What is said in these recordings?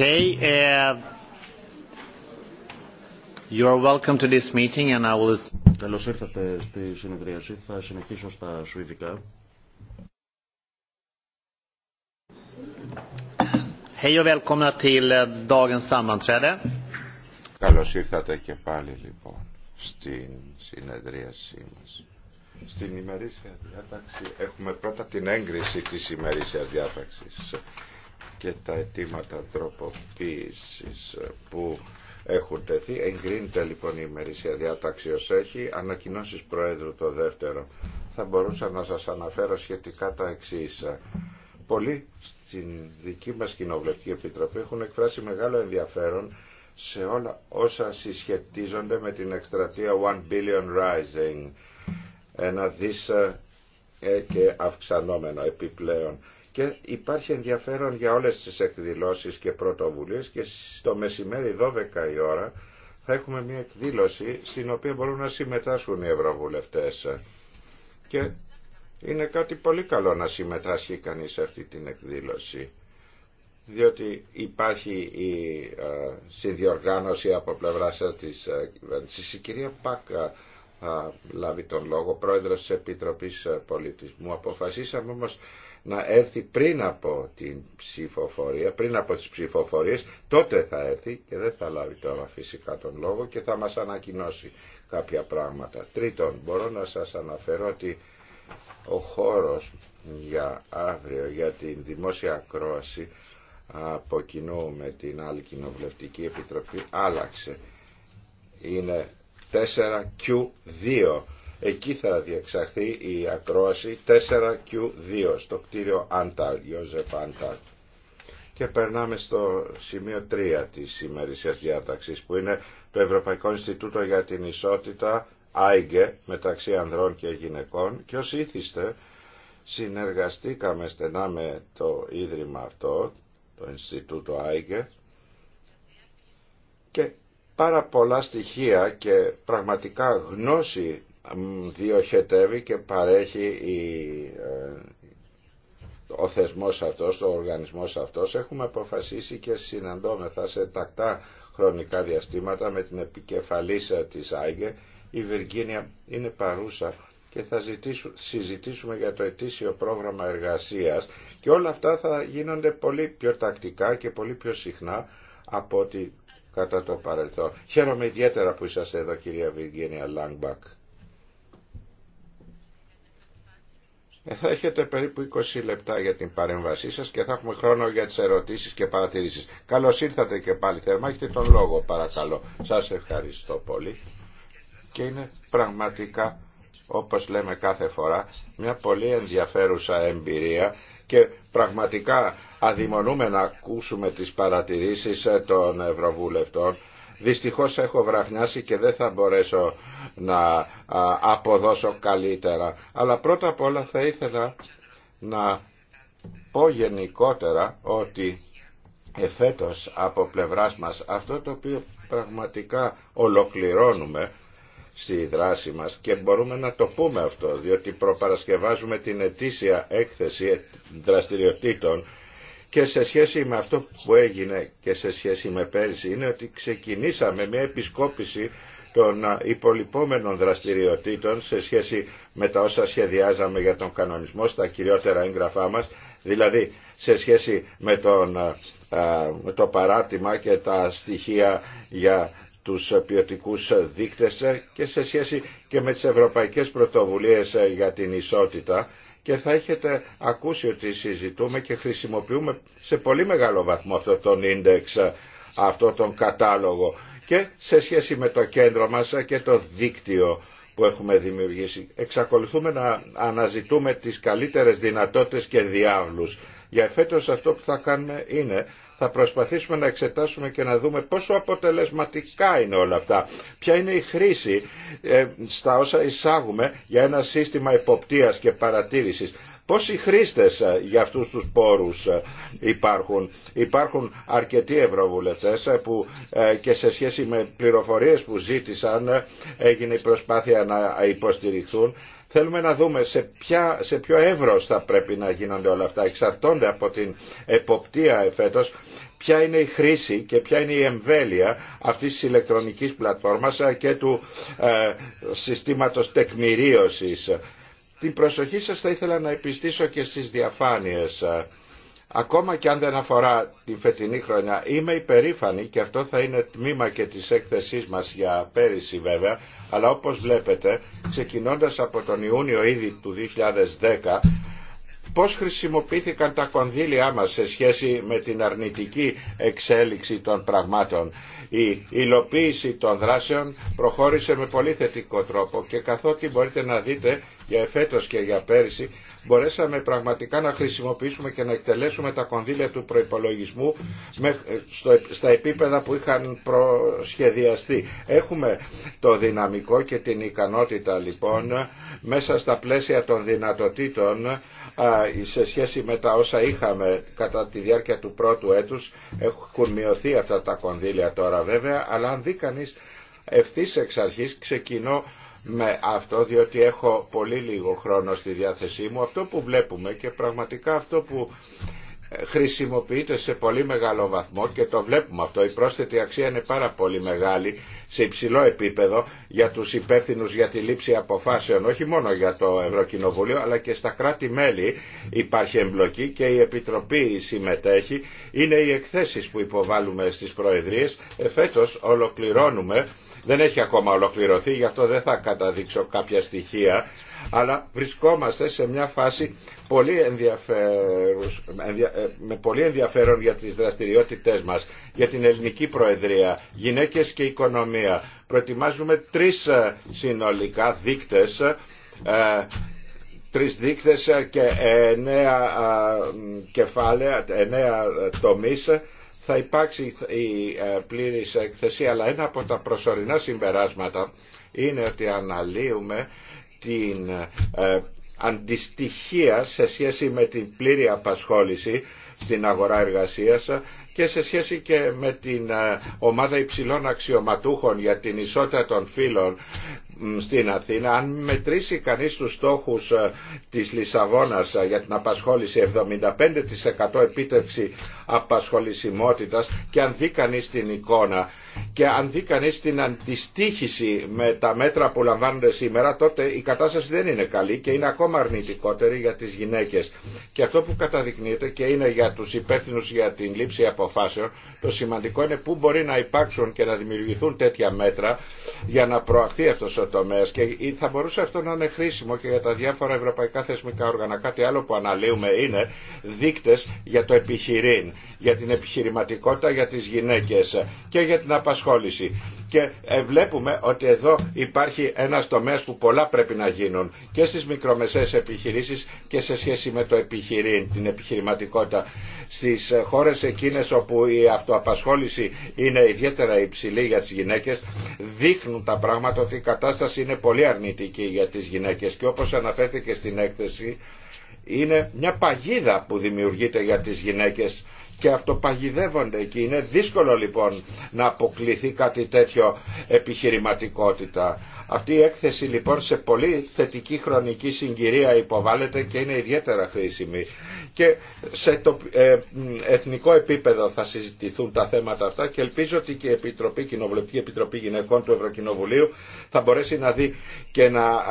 Okay. Καλώς ήρθατε στη συνεδρίαση. Θα συνεχίσω στα Σουηδικά. Hej uh, Καλώς ήρθατε και πάλι λοιπόν στην συνεδρίασή μας. Στην ημερήσια διάταξη έχουμε πρώτα την έγκριση της ημερήσιας διάταξης και τα αιτήματα τροποποίησης που έχουν τεθεί. Εγκρίνεται λοιπόν η ημερήσια διάταξη ως έχει. Ανακοινώσεις Προέδρου το δεύτερο. Θα μπορούσα να σας αναφέρω σχετικά τα εξής. Πολλοί στην δική μας Κοινοβουλευτική Επιτροπή έχουν εκφράσει μεγάλο ενδιαφέρον σε όλα όσα συσχετίζονται με την εκστρατεία One Billion Rising. Ένα δίσα ε, και αυξανόμενο επιπλέον και υπάρχει ενδιαφέρον για όλες τις εκδηλώσεις και πρωτοβουλίες και στο μεσημέρι 12 η ώρα θα έχουμε μια εκδήλωση στην οποία μπορούν να συμμετάσχουν οι ευρωβουλευτές και είναι κάτι πολύ καλό να συμμετάσχει κανείς σε αυτή την εκδήλωση διότι υπάρχει η συνδιοργάνωση από πλευρά της κυβέρνησης. Η κυρία Πάκα λάβει τον λόγο, πρόεδρος της Επιτροπής Πολιτισμού. Αποφασίσαμε όμως να έρθει πριν από την ψηφοφορία, πριν από τις ψηφοφορίες, τότε θα έρθει και δεν θα λάβει τώρα φυσικά τον λόγο και θα μας ανακοινώσει κάποια πράγματα. Τρίτον, μπορώ να σας αναφέρω ότι ο χώρος για αύριο, για την δημόσια ακρόαση από κοινού με την άλλη κοινοβουλευτική επιτροπή άλλαξε. Είναι 4Q2 Εκεί θα διεξαχθεί η ακρόαση 4Q2 στο κτίριο Άνταλ Ιωζεφ Και περνάμε στο σημείο 3 της ημερησίας διάταξης που είναι το Ευρωπαϊκό Ινστιτούτο για την Ισότητα ΆΙΓΕ μεταξύ ανδρών και γυναικών και ως ήθιστε συνεργαστήκαμε στενά με το Ίδρυμα αυτό, το Ινστιτούτο ΆΙΓΕ και πάρα πολλά στοιχεία και πραγματικά γνώση διοχετεύει και παρέχει η, ε, ο θεσμός αυτός, ο οργανισμός αυτός. Έχουμε αποφασίσει και συναντώμεθα σε τακτά χρονικά διαστήματα με την επικεφαλής ε, της ΆΙΓΕ. Η Βιργίνια είναι παρούσα και θα συζητήσουμε για το ετήσιο πρόγραμμα εργασίας και όλα αυτά θα γίνονται πολύ πιο τακτικά και πολύ πιο συχνά από ό,τι κατά το παρελθόν. Χαίρομαι ιδιαίτερα που είσαστε εδώ κυρία Βιργίνια Λάγκμπακ. Θα έχετε περίπου 20 λεπτά για την παρέμβασή σας και θα έχουμε χρόνο για τις ερωτήσεις και παρατηρήσεις. Καλώς ήρθατε και πάλι θερμά, έχετε τον λόγο παρακαλώ. Σας ευχαριστώ πολύ. Και είναι πραγματικά, όπως λέμε κάθε φορά, μια πολύ ενδιαφέρουσα εμπειρία και πραγματικά αδειμονούμε να ακούσουμε τις παρατηρήσεις των Ευρωβουλευτών Δυστυχώς έχω βραχνιάσει και δεν θα μπορέσω να αποδώσω καλύτερα. Αλλά πρώτα απ' όλα θα ήθελα να πω γενικότερα ότι εφέτος από πλευράς μας αυτό το οποίο πραγματικά ολοκληρώνουμε στη δράση μας και μπορούμε να το πούμε αυτό διότι προπαρασκευάζουμε την ετήσια έκθεση δραστηριοτήτων και σε σχέση με αυτό που έγινε και σε σχέση με πέρσι είναι ότι ξεκινήσαμε μια επισκόπηση των υπολοιπόμενων δραστηριοτήτων σε σχέση με τα όσα σχεδιάζαμε για τον κανονισμό στα κυριότερα έγγραφά μας, δηλαδή σε σχέση με, τον, το παράρτημα και τα στοιχεία για τους ποιοτικού δείκτες και σε σχέση και με τις ευρωπαϊκές πρωτοβουλίες για την ισότητα και θα έχετε ακούσει ότι συζητούμε και χρησιμοποιούμε σε πολύ μεγάλο βαθμό αυτό τον ίντεξ, αυτό τον κατάλογο και σε σχέση με το κέντρο μας και το δίκτυο που έχουμε δημιουργήσει. Εξακολουθούμε να αναζητούμε τις καλύτερες δυνατότητες και διάβλους για εφέτος αυτό που θα κάνουμε είναι θα προσπαθήσουμε να εξετάσουμε και να δούμε πόσο αποτελεσματικά είναι όλα αυτά. Ποια είναι η χρήση ε, στα όσα εισάγουμε για ένα σύστημα υποπτίας και παρατήρησης. Πόσοι χρήστες ε, για αυτούς τους πόρους ε, υπάρχουν. Υπάρχουν αρκετοί ευρωβουλευτές που και σε σχέση με πληροφορίες που ζήτησαν έγινε η προσπάθεια να υποστηριχθούν Θέλουμε να δούμε σε, ποια, σε ποιο εύρος θα πρέπει να γίνονται όλα αυτά. Εξαρτώνται από την εποπτεία εφέτος ποια είναι η χρήση και ποια είναι η εμβέλεια αυτής της ηλεκτρονικής πλατφόρμας και του ε, συστήματος τεκμηρίωσης. Την προσοχή σας θα ήθελα να επιστήσω και στις διαφάνειες. Ακόμα και αν δεν αφορά την φετινή χρονιά, είμαι υπερήφανη και αυτό θα είναι τμήμα και της έκθεσής μας για πέρυσι βέβαια, αλλά όπως βλέπετε, ξεκινώντας από τον Ιούνιο ήδη του 2010, πώς χρησιμοποιήθηκαν τα κονδύλια μας σε σχέση με την αρνητική εξέλιξη των πραγμάτων η υλοποίηση των δράσεων προχώρησε με πολύ θετικό τρόπο και καθότι μπορείτε να δείτε για εφέτος και για πέρυσι μπορέσαμε πραγματικά να χρησιμοποιήσουμε και να εκτελέσουμε τα κονδύλια του προϋπολογισμού στα επίπεδα που είχαν προσχεδιαστεί. Έχουμε το δυναμικό και την ικανότητα λοιπόν μέσα στα πλαίσια των δυνατοτήτων σε σχέση με τα όσα είχαμε κατά τη διάρκεια του πρώτου έτους έχουν μειωθεί αυτά τα κονδύλια τώρα βέβαια αλλά αν δει κανείς ευθύς εξ αρχής ξεκινώ με αυτό διότι έχω πολύ λίγο χρόνο στη διάθεσή μου. Αυτό που βλέπουμε και πραγματικά αυτό που ε, χρησιμοποιείται σε πολύ μεγάλο βαθμό και το βλέπουμε αυτό. Η πρόσθετη αξία είναι πάρα πολύ μεγάλη σε υψηλό επίπεδο για τους υπεύθυνους για τη λήψη αποφάσεων όχι μόνο για το Ευρωκοινοβούλιο αλλά και στα κράτη-μέλη υπάρχει εμπλοκή και η Επιτροπή συμμετέχει. Είναι οι εκθέσεις που υποβάλλουμε στις Προεδρίες. Εφέτος ολοκληρώνουμε δεν έχει ακόμα ολοκληρωθεί, γι' αυτό δεν θα καταδείξω κάποια στοιχεία, αλλά βρισκόμαστε σε μια φάση πολύ ε, με πολύ ενδιαφέρον για τις δραστηριότητές μας, για την ελληνική προεδρία, γυναίκες και οικονομία. Προετοιμάζουμε τρεις ε, συνολικά δείκτες, ε, τρεις δείκτες και εννέα κεφάλαια, εννέα τομείς, θα υπάρξει η ε, πλήρης έκθεση, αλλά ένα από τα προσωρινά συμπεράσματα είναι ότι αναλύουμε την ε, αντιστοιχεία σε σχέση με την πλήρη απασχόληση στην αγορά εργασίας και σε σχέση και με την ε, ομάδα υψηλών αξιωματούχων για την ισότητα των φύλων στην Αθήνα, αν μετρήσει κανείς τους στόχους ε, της Λισαβόνας ε, για την απασχόληση 75% επίτευξη απασχολησιμότητας και αν δει κανείς την εικόνα και αν δει κανείς την αντιστήχηση με τα μέτρα που λαμβάνονται σήμερα, τότε η κατάσταση δεν είναι καλή και είναι ακόμα αρνητικότερη για τις γυναίκες. Και αυτό που καταδεικνύεται και είναι για τους υπεύθυνου για την λήψη αποφάσεων, το σημαντικό είναι πού μπορεί να υπάρξουν και να δημιουργηθούν τέτοια μέτρα για να προαχθεί αυτός ο τομέα και θα μπορούσε αυτό να είναι χρήσιμο και για τα διάφορα ευρωπαϊκά θεσμικά όργανα. Κάτι άλλο που αναλύουμε είναι δείκτε για το επιχειρήν, για την επιχειρηματικότητα για τι γυναίκε και για την απασχόληση. Και ε, βλέπουμε ότι εδώ υπάρχει ένα τομέα που πολλά πρέπει να γίνουν και στι μικρομεσαίες επιχειρήσει και σε σχέση με το επιχειρήν, την επιχειρηματικότητα. Στι χώρε εκείνε όπου η αυτοαπασχόληση είναι ιδιαίτερα υψηλή για τι γυναίκε, δείχνουν τα πράγματα ότι η κατάσταση κατάσταση είναι πολύ αρνητική για τις γυναίκες και όπως αναφέρθηκε στην έκθεση είναι μια παγίδα που δημιουργείται για τις γυναίκες και αυτοπαγιδεύονται εκεί. Είναι δύσκολο λοιπόν να αποκληθεί κάτι τέτοιο επιχειρηματικότητα. Αυτή η έκθεση λοιπόν σε πολύ θετική χρονική συγκυρία υποβάλλεται και είναι ιδιαίτερα χρήσιμη. Και σε το ε, εθνικό επίπεδο θα συζητηθούν τα θέματα αυτά και ελπίζω ότι και η Επιτροπή, η Κοινοβουλευτική Επιτροπή Γυναικών του Ευρωκοινοβουλίου θα μπορέσει να δει και να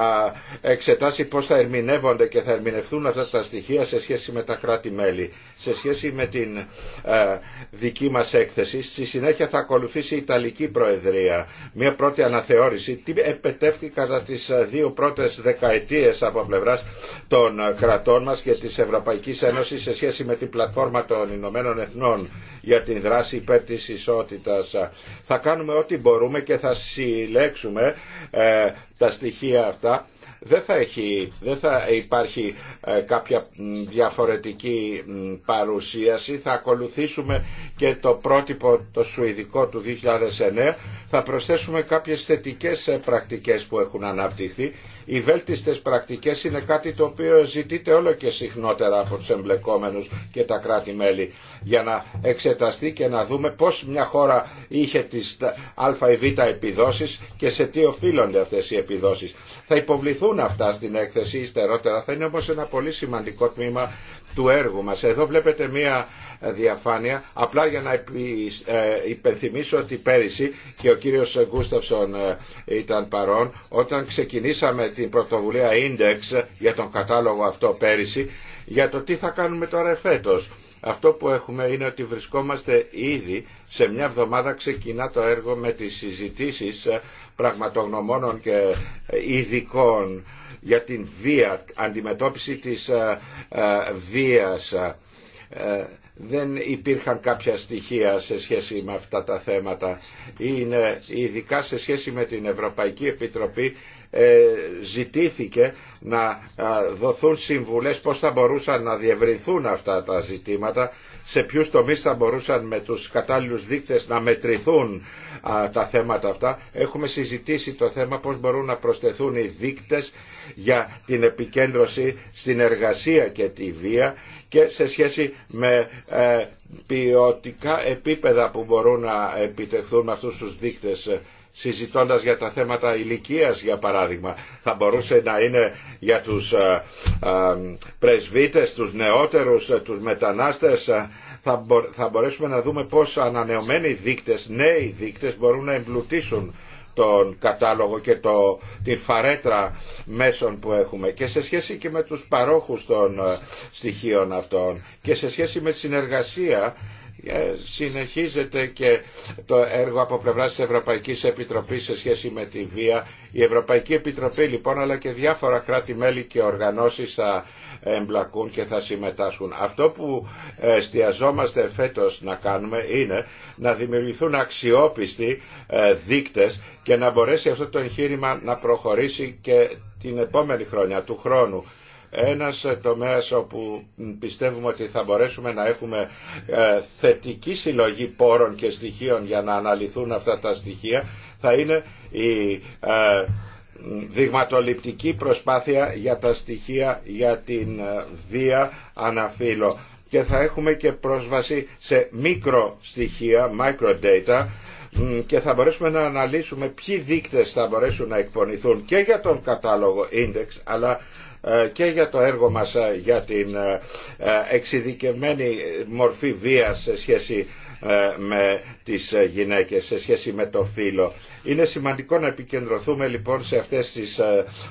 εξετάσει πώς θα ερμηνεύονται και θα ερμηνευτούν αυτά τα στοιχεία σε σχέση με τα κράτη-μέλη, σε σχέση με την ε, δική μας έκθεση. Στη συνέχεια θα ακολουθήσει η Ιταλική Προεδρία. Μια πρώτη αναθεώρηση. Τι επετεύχθη κατά τις ε, δύο πρώτες δεκαετίες από πλευράς των ε, κρατών μας και της Ευρωπαϊκής Ένωσης σε σχέση με την πλατφόρμα των Ηνωμένων Εθνών για την δράση υπέρ της ισότητας. Θα κάνουμε ό,τι μπορούμε και θα συλλέξουμε τα στοιχεία αυτά δεν θα, υπάρχει ε, κάποια διαφορετική παρουσίαση. Θα ακολουθήσουμε και το πρότυπο το σουηδικό του 2009. Θα προσθέσουμε κάποιες θετικές ε, πρακτικές που έχουν αναπτυχθεί οι βέλτιστες πρακτικές είναι κάτι το οποίο ζητείται όλο και συχνότερα από τους εμπλεκόμενους και τα κράτη-μέλη για να εξεταστεί και να δούμε πώς μια χώρα είχε τις α ή β επιδόσεις και σε τι οφείλονται αυτές οι επιδόσεις. Θα υποβληθούν αυτά στην έκθεση ύστερότερα, θα είναι όμως ένα πολύ σημαντικό τμήμα του έργου μας. Εδώ βλέπετε μία διαφάνεια, απλά για να ε, υπενθυμίσω ότι πέρυσι και ο κύριος Γκούσταυσον ε, ήταν παρόν, όταν ξεκινήσαμε την πρωτοβουλία Index για τον κατάλογο αυτό πέρυσι, για το τι θα κάνουμε τώρα εφέτος. Αυτό που έχουμε είναι ότι βρισκόμαστε ήδη σε μια εβδομάδα ξεκινά το έργο με τις συζητήσεις ε, πραγματογνωμόνων και ειδικών για την βία, αντιμετώπιση της ε, ε, βίας. Ε, δεν υπήρχαν κάποια στοιχεία σε σχέση με αυτά τα θέματα. Είναι ειδικά σε σχέση με την Ευρωπαϊκή Επιτροπή ε, ζητήθηκε να δοθούν συμβουλές πώς θα μπορούσαν να διευρυνθούν αυτά τα ζητήματα, σε ποιους τομείς θα μπορούσαν με τους κατάλληλους δείκτες να μετρηθούν τα θέματα αυτά. Έχουμε συζητήσει το θέμα πώς μπορούν να προσθεθούν οι δείκτες για την επικέντρωση στην εργασία και τη βία και σε σχέση με ε, ποιοτικά επίπεδα που μπορούν να επιτευχθούν με αυτούς τους δείκτες συζητώντας για τα θέματα ηλικίας για παράδειγμα θα μπορούσε να είναι για τους ε, ε, πρεσβύτες, τους νεότερους, ε, τους μετανάστες θα μπορέσουμε να δούμε πώς ανανεωμένοι δείκτες, νέοι δείκτες μπορούν να εμπλουτίσουν τον κατάλογο και το, την φαρέτρα μέσων που έχουμε και σε σχέση και με τους παρόχους των στοιχείων αυτών και σε σχέση με συνεργασία ε, συνεχίζεται και το έργο από πλευρά της Ευρωπαϊκής Επιτροπής σε σχέση με τη βία. Η Ευρωπαϊκή Επιτροπή λοιπόν αλλά και διάφορα κράτη-μέλη και οργανώσεις θα εμπλακούν και θα συμμετάσχουν. Αυτό που εστιαζόμαστε φέτος να κάνουμε είναι να δημιουργηθούν αξιόπιστοι ε, δείκτες και να μπορέσει αυτό το εγχείρημα να προχωρήσει και την επόμενη χρόνια του χρόνου ένας τομέας όπου πιστεύουμε ότι θα μπορέσουμε να έχουμε ε, θετική συλλογή πόρων και στοιχείων για να αναλυθούν αυτά τα στοιχεία θα είναι η ε, δειγματοληπτική προσπάθεια για τα στοιχεία για την ε, βία αναφύλω και θα έχουμε και πρόσβαση σε μικρο στοιχεία, micro data, και θα μπορέσουμε να αναλύσουμε ποιοι δείκτες θα μπορέσουν να εκπονηθούν και για τον κατάλογο index αλλά ε, και για το έργο μας ε, για την ε, εξειδικευμένη μορφή βίας σε σχέση με τις γυναίκες σε σχέση με το φύλλο. Είναι σημαντικό να επικεντρωθούμε λοιπόν σε αυτές τις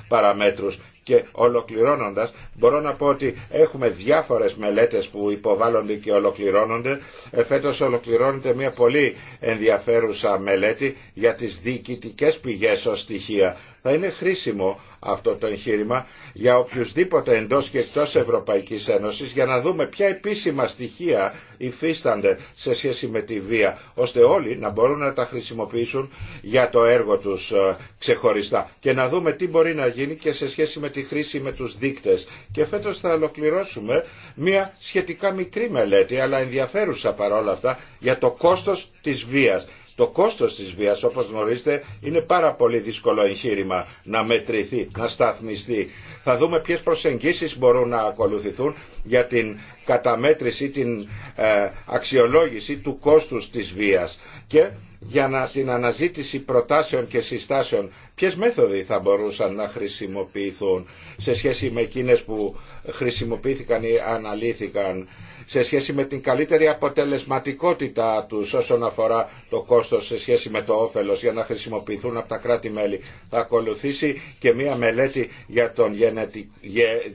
παραμέτρους και ολοκληρώνοντας μπορώ να πω ότι έχουμε διάφορες μελέτες που υποβάλλονται και ολοκληρώνονται. Φέτος ολοκληρώνεται μια πολύ ενδιαφέρουσα μελέτη για τις διοικητικές πηγές ως στοιχεία θα είναι χρήσιμο αυτό το εγχείρημα για οποιουσδήποτε εντός και εκτός Ευρωπαϊκής Ένωσης για να δούμε ποια επίσημα στοιχεία υφίστανται σε σχέση με τη βία ώστε όλοι να μπορούν να τα χρησιμοποιήσουν για το έργο τους ε, ξεχωριστά και να δούμε τι μπορεί να γίνει και σε σχέση με τη χρήση με τους δείκτες. Και φέτος θα ολοκληρώσουμε μια σχετικά μικρή μελέτη αλλά ενδιαφέρουσα παρόλα αυτά για το κόστος της βίας το κόστος της βίας όπως γνωρίζετε είναι πάρα πολύ δύσκολο εγχείρημα να μετρηθεί, να σταθμιστεί. Θα δούμε ποιες προσεγγίσεις μπορούν να ακολουθηθούν για την καταμέτρηση, την ε, αξιολόγηση του κόστους της βίας και για να, την αναζήτηση προτάσεων και συστάσεων ποιες μέθοδοι θα μπορούσαν να χρησιμοποιηθούν σε σχέση με εκείνες που χρησιμοποιήθηκαν ή αναλύθηκαν σε σχέση με την καλύτερη αποτελεσματικότητά του όσον αφορά το κόστος σε σχέση με το όφελος για να χρησιμοποιηθούν από τα κράτη-μέλη. Θα ακολουθήσει και μία μελέτη για τον,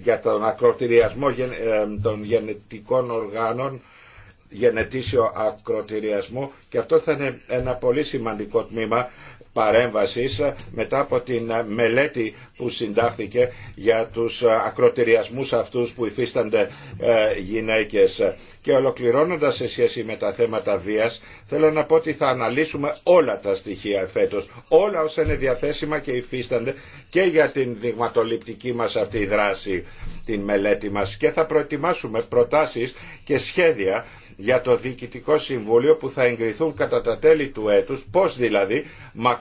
για τον ακροτηριασμό ε, των γενετικών οργάνων γενετήσιο ακροτηριασμού και αυτό θα είναι ένα πολύ σημαντικό τμήμα παρέμβασης μετά από την μελέτη που συντάχθηκε για τους ακροτηριασμούς αυτούς που υφίστανται ε, γυναίκες. Και ολοκληρώνοντας σε σχέση με τα θέματα βίας, θέλω να πω ότι θα αναλύσουμε όλα τα στοιχεία φέτος, όλα όσα είναι διαθέσιμα και υφίστανται και για την δειγματοληπτική μας αυτή δράση, την μελέτη μας και θα προετοιμάσουμε προτάσεις και σχέδια για το Διοικητικό Συμβούλιο που θα εγκριθούν κατά τα τέλη του έτους, πώς δηλαδή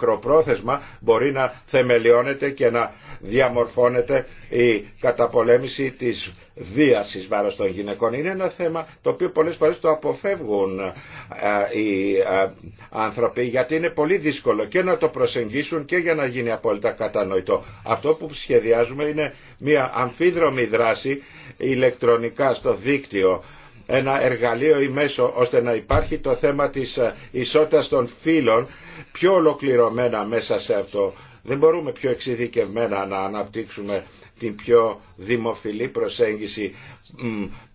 μακροπρόθεσμα μπορεί να θεμελιώνεται και να διαμορφώνεται η καταπολέμηση της βίασης βάρος των γυναικών. Είναι ένα θέμα το οποίο πολλές φορές το αποφεύγουν ε, οι ε, άνθρωποι γιατί είναι πολύ δύσκολο και να το προσεγγίσουν και για να γίνει απόλυτα κατανοητό. Αυτό που σχεδιάζουμε είναι μια αμφίδρομη δράση ηλεκτρονικά στο δίκτυο ένα εργαλείο ή μέσο ώστε να υπάρχει το θέμα της ε, ισότητας των φύλων πιο ολοκληρωμένα μέσα σε αυτό. Δεν μπορούμε πιο εξειδικευμένα να αναπτύξουμε την πιο δημοφιλή προσέγγιση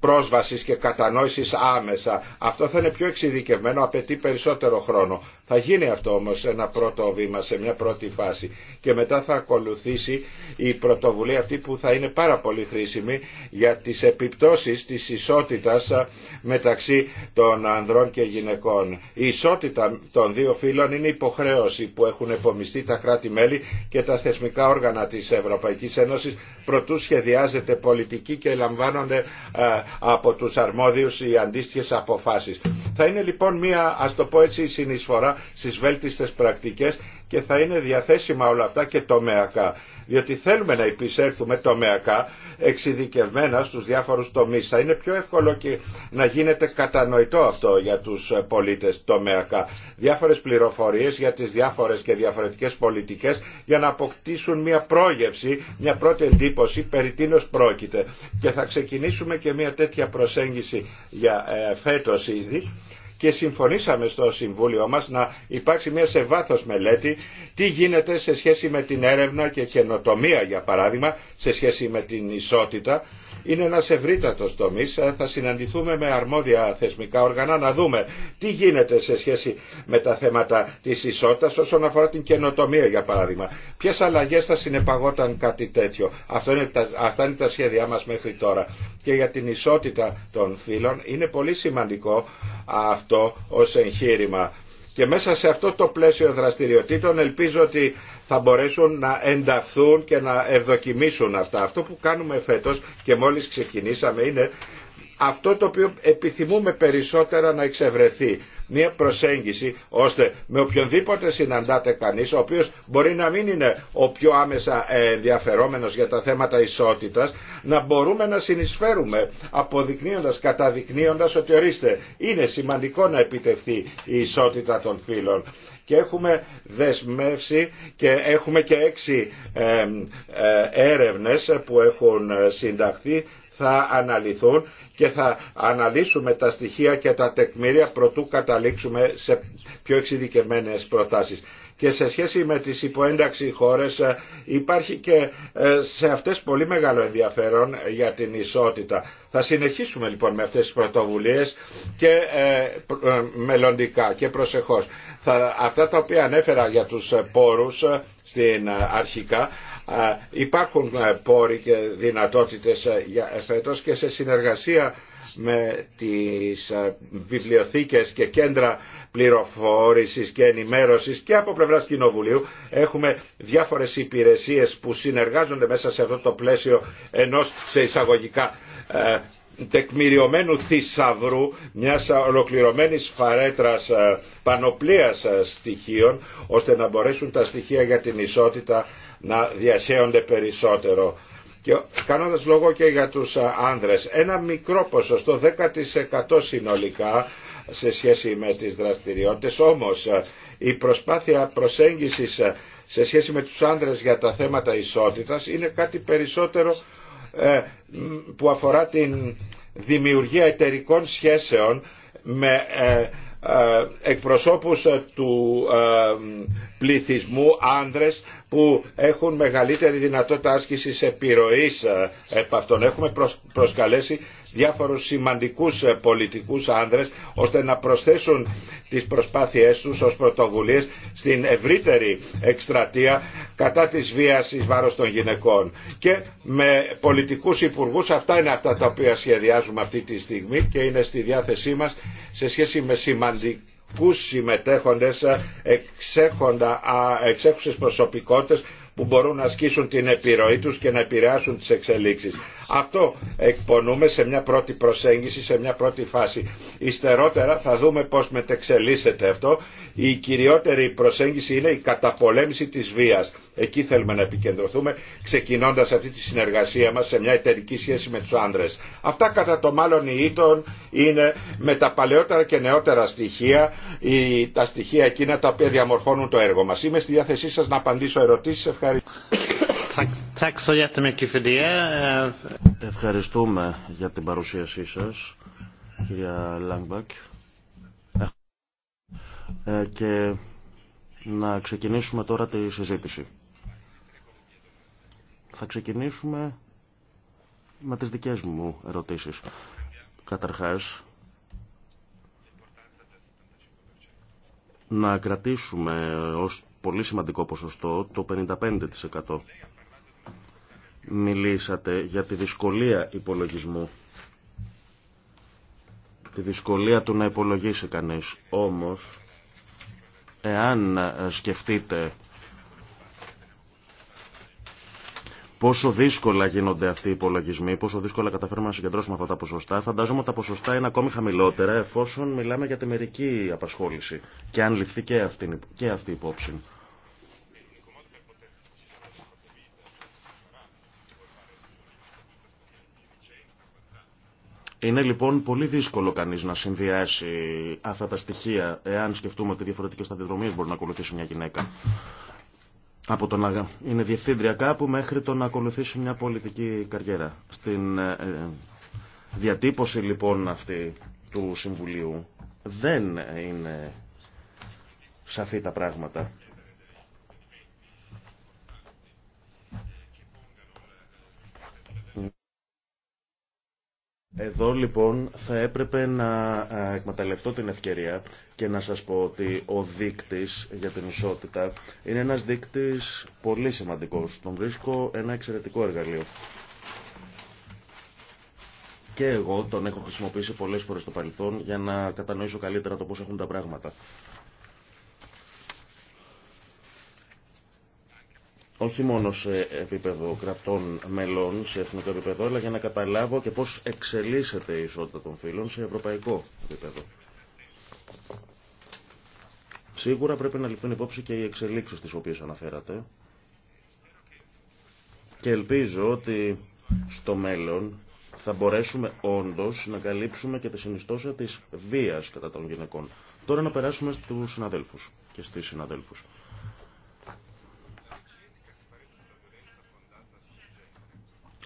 πρόσβασης και κατανόησης άμεσα. Αυτό θα είναι πιο εξειδικευμένο, απαιτεί περισσότερο χρόνο. Θα γίνει αυτό όμως ένα πρώτο βήμα σε μια πρώτη φάση και μετά θα ακολουθήσει η πρωτοβουλία αυτή που θα είναι πάρα πολύ χρήσιμη για τις επιπτώσεις της ισότητας μεταξύ των ανδρών και γυναικών. Η ισότητα των δύο φύλων είναι υποχρέωση που έχουν επομιστεί τα κράτη-μέλη και τα θεσμικά όργανα της Ευρωπαϊκής Ένωσης προτού σχεδιάζεται πολιτική και λαμβάνονται ε, από τους αρμόδιους οι αντίστοιχε αποφάσεις. Θα είναι λοιπόν μια, ας το πω έτσι, συνεισφορά στι στις βέλτιστες πρακτικές και θα είναι διαθέσιμα όλα αυτά και τομεακά. Διότι θέλουμε να επισέλθουμε τομεακά, εξειδικευμένα στους διάφορους τομείς. Θα είναι πιο εύκολο και να γίνεται κατανοητό αυτό για τους πολίτες τομεακά. Διάφορες πληροφορίες για τις διάφορες και διαφορετικές πολιτικές για να αποκτήσουν μια πρόγευση, μια πρώτη εντύπωση περί τίνος πρόκειται. Και θα ξεκινήσουμε και μια τέτοια προσέγγιση για ε, φέτος ήδη και συμφωνήσαμε στο Συμβούλιο μας να υπάρξει μια σε βάθος μελέτη τι γίνεται σε σχέση με την έρευνα και καινοτομία για παράδειγμα, σε σχέση με την ισότητα. Είναι ένας ευρύτατος τομής, θα συναντηθούμε με αρμόδια θεσμικά όργανα να δούμε τι γίνεται σε σχέση με τα θέματα της ισότητας όσον αφορά την καινοτομία για παράδειγμα. Ποιες αλλαγές θα συνεπαγόταν κάτι τέτοιο. Αυτό είναι, αυτά είναι τα σχέδιά μας μέχρι τώρα. Και για την ισότητα των φύλων είναι πολύ σημαντικό αυτό αυτό ως εγχείρημα. Και μέσα σε αυτό το πλαίσιο δραστηριοτήτων ελπίζω ότι θα μπορέσουν να ενταχθούν και να ευδοκιμήσουν αυτά. Αυτό που κάνουμε φέτος και μόλις ξεκινήσαμε είναι αυτό το οποίο επιθυμούμε περισσότερα να εξευρεθεί. Μια προσέγγιση ώστε με οποιονδήποτε συναντάτε κανείς, ο οποίος μπορεί να μην είναι ο πιο άμεσα ενδιαφερόμενος για τα θέματα ισότητας, να μπορούμε να συνεισφέρουμε αποδεικνύοντας, καταδεικνύοντας ότι ορίστε είναι σημαντικό να επιτευχθεί η ισότητα των φύλων και έχουμε δεσμεύσει και έχουμε και έξι ε, έρευνες που έχουν συνταχθεί θα αναλυθούν και θα αναλύσουμε τα στοιχεία και τα τεκμήρια προτού καταλήξουμε σε πιο εξειδικευμένες προτάσεις και σε σχέση με τις υποένταξη χώρες ε, υπάρχει και ε, σε αυτές πολύ μεγάλο ενδιαφέρον για την ισότητα. Θα συνεχίσουμε λοιπόν με αυτές τις πρωτοβουλίες και ε, μελλοντικά και προσεχώς. Θα, αυτά τα οποία ανέφερα για τους πόρους στην αρχικά Υπάρχουν ε, πόροι και δυνατότητες ε, για στρατός και σε συνεργασία με τις ε, βιβλιοθήκες και κέντρα πληροφόρησης και ενημέρωσης και από πλευράς Κοινοβουλίου έχουμε διάφορες υπηρεσίες που συνεργάζονται μέσα σε αυτό το πλαίσιο ενός σε εισαγωγικά τεκμηριωμένου θησαυρού μιας ολοκληρωμένης φαρέτρας πανοπλίας στοιχείων ώστε να μπορέσουν τα στοιχεία για την ισότητα να διαχέονται περισσότερο. Και κάνοντας λόγο και για τους άνδρες, ένα μικρό ποσοστό, 10% συνολικά σε σχέση με τις δραστηριότητες, όμως η προσπάθεια προσέγγισης σε σχέση με τους άνδρες για τα θέματα ισότητας είναι κάτι περισσότερο ε, που αφορά την δημιουργία εταιρικών σχέσεων με ε, ε, εκπροσώπους του πληθυσμού άνδρες που έχουν μεγαλύτερη δυνατότητα άσκησης επιρροής ε, επ' αυτόν. Έχουμε προσκαλέσει διάφορους σημαντικούς ε, πολιτικούς άνδρες ώστε να προσθέσουν τις προσπάθειές τους ως πρωτοβουλίες στην ευρύτερη εκστρατεία κατά της βίας εις βάρος των γυναικών. Και με πολιτικούς υπουργούς αυτά είναι αυτά τα οποία σχεδιάζουμε αυτή τη στιγμή και είναι στη διάθεσή μας σε σχέση με σημαντικά συμμετέχονται συμμετέχοντες ε, εξέχουσες προσωπικότητες που μπορούν να ασκήσουν την επιρροή τους και να επηρεάσουν τις εξελίξεις. Αυτό εκπονούμε σε μια πρώτη προσέγγιση, σε μια πρώτη φάση. Ιστερότερα θα δούμε πώς μετεξελίσσεται αυτό. Η κυριότερη προσέγγιση είναι η καταπολέμηση της βίας. Εκεί θέλουμε να επικεντρωθούμε, ξεκινώντας αυτή τη συνεργασία μας σε μια εταιρική σχέση με τους άντρες. Αυτά κατά το μάλλον οι ήτων είναι με τα παλαιότερα και νεότερα στοιχεία, τα στοιχεία εκείνα τα οποία διαμορφώνουν το έργο μας. Είμαι στη διάθεσή σας να απαντήσω ερωτήσεις. Ευχαριστώ. Ευχαριστούμε για την παρουσίασή σας, κυρία Λάγκμπακ. Ε, και να ξεκινήσουμε τώρα τη συζήτηση. Θα ξεκινήσουμε με τις δικές μου ερωτήσεις. Καταρχάς, να κρατήσουμε ως πολύ σημαντικό ποσοστό το 55% μιλήσατε για τη δυσκολία υπολογισμού. Τη δυσκολία του να υπολογίσει κανείς. Όμως, εάν σκεφτείτε πόσο δύσκολα γίνονται αυτοί οι υπολογισμοί, πόσο δύσκολα καταφέρουμε να συγκεντρώσουμε αυτά τα ποσοστά, φαντάζομαι ότι τα ποσοστά είναι ακόμη χαμηλότερα εφόσον μιλάμε για τη μερική απασχόληση. Και αν ληφθεί και αυτή, και αυτή η υπόψη. Είναι λοιπόν πολύ δύσκολο κανείς να συνδυάσει αυτά τα στοιχεία εάν σκεφτούμε ότι διαφορετικές σταδιοδρομίες μπορεί να ακολουθήσει μια γυναίκα. Από το να είναι διευθύντρια κάπου μέχρι το να ακολουθήσει μια πολιτική καριέρα. Στην ε, διατύπωση λοιπόν αυτή του Συμβουλίου δεν είναι σαφή τα πράγματα. Εδώ λοιπόν θα έπρεπε να ε, εκμεταλλευτώ την ευκαιρία και να σας πω ότι ο δείκτης για την ισότητα είναι ένας δείκτης πολύ σημαντικός. Τον βρίσκω ένα εξαιρετικό εργαλείο. Και εγώ τον έχω χρησιμοποιήσει πολλές φορές στο παρελθόν για να κατανοήσω καλύτερα το πώς έχουν τα πράγματα. όχι μόνο σε επίπεδο κρατών μελών, σε εθνικό επίπεδο, αλλά για να καταλάβω και πώς εξελίσσεται η ισότητα των φύλων σε ευρωπαϊκό επίπεδο. Σίγουρα πρέπει να ληφθούν υπόψη και οι εξελίξεις τις οποίες αναφέρατε και ελπίζω ότι στο μέλλον θα μπορέσουμε όντως να καλύψουμε και τη συνιστόσα της βίας κατά των γυναικών. Τώρα να περάσουμε στους συναδέλφους και στις συναδέλφους.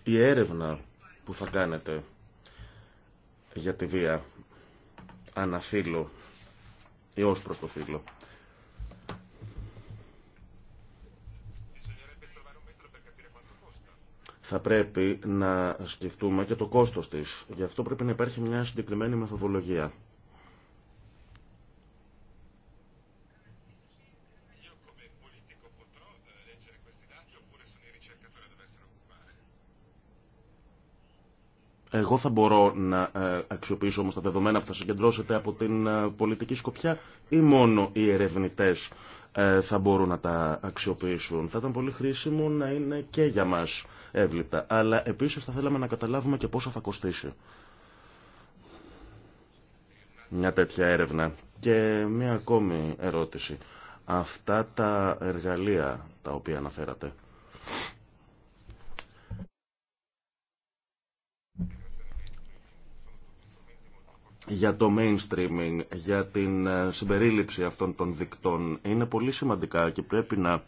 η έρευνα που θα κάνετε για τη βία αναφύλλω ή ως προς το φύλλο. Θα πρέπει να σκεφτούμε και το κόστος της. Γι' αυτό πρέπει να υπάρχει μια συγκεκριμένη μεθοδολογία. Εγώ θα μπορώ να ε, αξιοποιήσω όμως τα δεδομένα που θα συγκεντρώσετε από την ε, πολιτική σκοπιά ή μόνο οι ερευνητές ε, θα μπορούν να τα αξιοποιήσουν. Θα ήταν πολύ χρήσιμο να είναι και για μας εύληπτα. Αλλά επίσης θα θέλαμε να καταλάβουμε και πόσο θα κοστίσει μια τέτοια έρευνα. Και μια ακόμη ερώτηση. Αυτά τα εργαλεία τα οποία αναφέρατε για το mainstreaming, για την ε, συμπερίληψη αυτών των δικτών είναι πολύ σημαντικά και πρέπει να,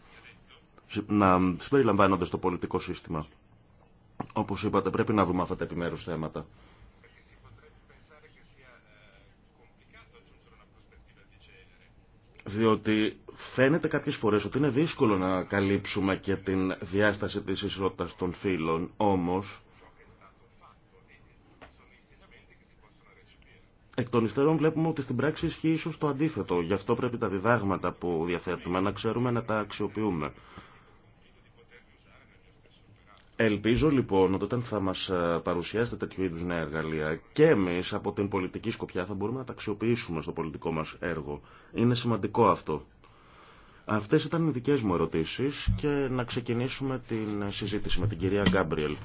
να συμπεριλαμβάνονται στο πολιτικό σύστημα. Όπως είπατε πρέπει να δούμε αυτά τα επιμέρους θέματα. διότι φαίνεται κάποιες φορές ότι είναι δύσκολο να καλύψουμε και την διάσταση της ισότητας των φύλων, όμως Εκ των υστέρων βλέπουμε ότι στην πράξη ισχύει ίσω το αντίθετο. Γι' αυτό πρέπει τα διδάγματα που διαθέτουμε να ξέρουμε να τα αξιοποιούμε. Ελπίζω λοιπόν ότι όταν θα μας ε, παρουσιάσετε τέτοιου είδους νέα εργαλεία και εμείς από την πολιτική σκοπιά θα μπορούμε να τα αξιοποιήσουμε στο πολιτικό μας έργο. Είναι σημαντικό αυτό. Αυτές ήταν οι δικές μου ερωτήσεις και να ξεκινήσουμε την συζήτηση με την κυρία Γκάμπριελ.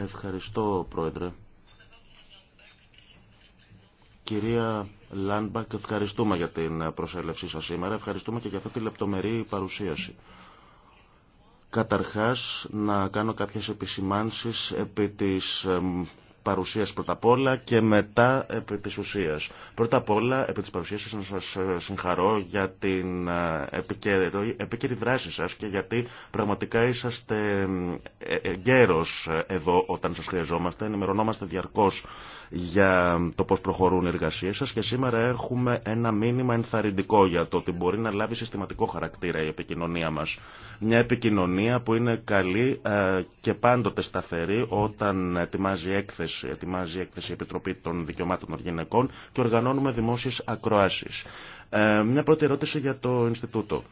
Ευχαριστώ πρόεδρε. Κυρία Λάνμπακ, ευχαριστούμε για την προσέλευσή σας σήμερα. Ευχαριστούμε και για αυτή τη λεπτομερή παρουσίαση. Καταρχάς, να κάνω κάποιες επισημάνσεις επί της Παρουσία πρώτα απ' όλα και μετά επί της ουσίας. Πρώτα απ' όλα, επί της παρουσίας να σας ε, συγχαρώ για την ε, επίκαιρη δράση σας και γιατί πραγματικά είσαστε ε, γέρο εδώ όταν σας χρειαζόμαστε. Ενημερωνόμαστε διαρκώς για το πώς προχωρούν οι εργασίες σας και σήμερα έχουμε ένα μήνυμα ενθαρρυντικό για το ότι μπορεί να λάβει συστηματικό χαρακτήρα η επικοινωνία μας. Μια επικοινωνία που είναι καλή και πάντοτε σταθερή όταν ετοιμάζει έκθεση ετοιμάζει ετοιμάζει έκθεση Επιτροπή των Δικαιωμάτων των Γυναικών και οργανώνουμε δημόσιες ακροάσεις. Ε, μια πρώτη ερώτηση για το Ινστιτούτο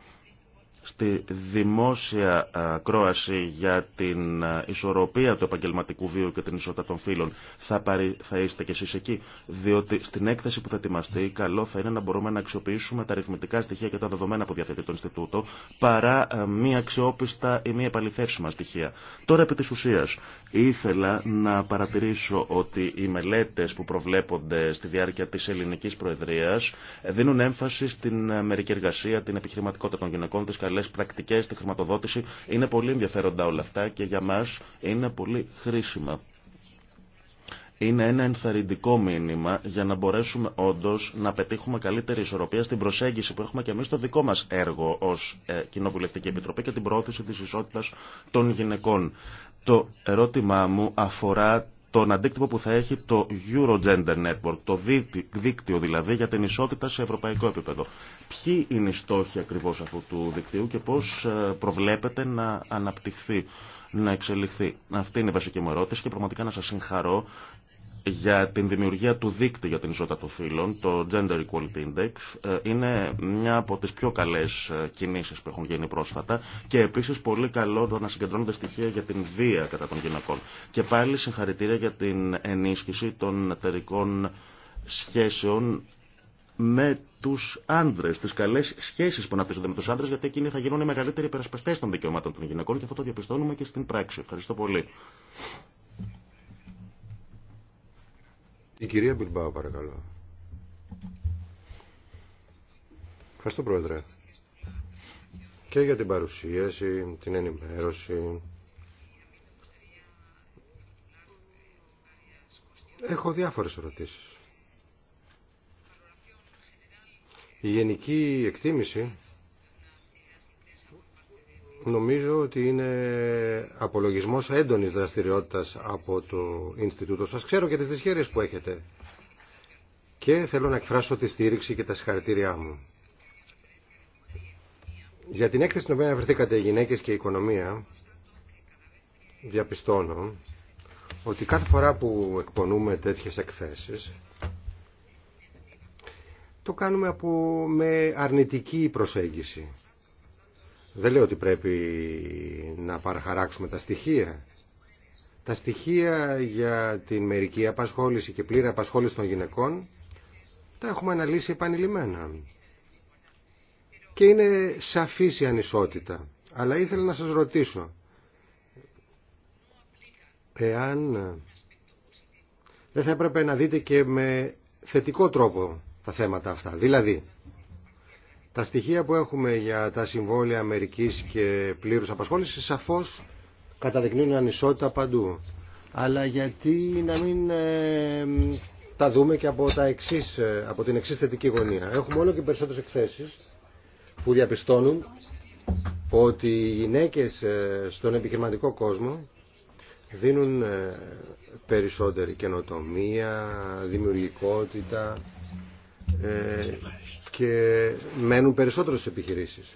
στη δημόσια ε, κρόαση για την ε, ισορροπία του επαγγελματικού βίου και την ισότητα των φύλων θα, θα είστε κι εσείς εκεί. Διότι στην έκθεση που θα ετοιμαστεί καλό θα είναι να μπορούμε να αξιοποιήσουμε τα αριθμητικά στοιχεία και τα δεδομένα που διαθέτει το Ινστιτούτο παρά ε, μία αξιόπιστα ή μία επαληθεύσιμα στοιχεία. Τώρα επί της ουσίας ήθελα να παρατηρήσω ότι οι μελέτες που προβλέπονται στη διάρκεια της ελληνικής προεδρίας δίνουν έμφαση στην μερική την επιχειρηματικότητα των γυναικών, πρακτικές, τη χρηματοδότηση. Είναι πολύ ενδιαφέροντα όλα αυτά και για μας είναι πολύ χρήσιμα. Είναι ένα ενθαρρυντικό μήνυμα για να μπορέσουμε όντω να πετύχουμε καλύτερη ισορροπία στην προσέγγιση που έχουμε και εμεί στο δικό μα έργο ω ε, Κοινοβουλευτική Επιτροπή και την προώθηση τη ισότητα των γυναικών. Το ερώτημά μου αφορά τον αντίκτυπο που θα έχει το Eurogender Network, το δίκτυο δηλαδή για την ισότητα σε ευρωπαϊκό επίπεδο ποιοι είναι οι στόχοι ακριβώς αυτού του δικτύου και πώς ε, προβλέπετε να αναπτυχθεί, να εξελιχθεί. Αυτή είναι η βασική μου ερώτηση και πραγματικά να σας συγχαρώ για την δημιουργία του δίκτυ για την ισότητα των φύλων, το Gender Equality Index, ε, είναι μια από τις πιο καλές ε, κινήσεις που έχουν γίνει πρόσφατα και επίσης πολύ καλό το να συγκεντρώνονται στοιχεία για την βία κατά των γυναικών. Και πάλι συγχαρητήρια για την ενίσχυση των εταιρικών σχέσεων με τους άντρες, τι καλέ σχέσεις που αναπτύσσονται με τους άντρες, γιατί εκείνοι θα γίνουν οι μεγαλύτεροι υπερασπιστέ των δικαιωμάτων των γυναικών και αυτό το διαπιστώνουμε και στην πράξη. Ευχαριστώ πολύ. Η κυρία Μπιλμπάου, παρακαλώ. Ευχαριστώ, Πρόεδρε. Και για την παρουσίαση, την ενημέρωση. Έχω διάφορες ερωτήσεις. Η γενική εκτίμηση νομίζω ότι είναι απολογισμός έντονης δραστηριότητας από το Ινστιτούτο σας. Ξέρω και τις δυσχέρειες που έχετε και θέλω να εκφράσω τη στήριξη και τα συγχαρητήριά μου. Για την έκθεση στην οποία βρεθήκατε οι γυναίκες και η οικονομία, διαπιστώνω ότι κάθε φορά που εκπονούμε τέτοιες εκθέσεις, το κάνουμε από, με αρνητική προσέγγιση. Δεν λέω ότι πρέπει να παραχαράξουμε τα στοιχεία. Τα στοιχεία για την μερική απασχόληση και πλήρη απασχόληση των γυναικών τα έχουμε αναλύσει επανειλημμένα. Και είναι σαφής η ανισότητα. Αλλά ήθελα να σας ρωτήσω, εάν δεν θα έπρεπε να δείτε και με θετικό τρόπο τα θέματα αυτά. Δηλαδή, τα στοιχεία που έχουμε για τα συμβόλαια Αμερικής και πλήρους απασχόλησης σαφώς καταδεικνύουν ανισότητα παντού. Αλλά γιατί να μην ε, τα δούμε και από, τα εξής, ε, από την εξής θετική γωνία. Έχουμε όλο και περισσότερες εκθέσεις που διαπιστώνουν ότι οι γυναίκες ε, στον επιχειρηματικό κόσμο δίνουν περισσότερη καινοτομία, δημιουργικότητα, ε, και μένουν περισσότερο στις επιχειρήσεις.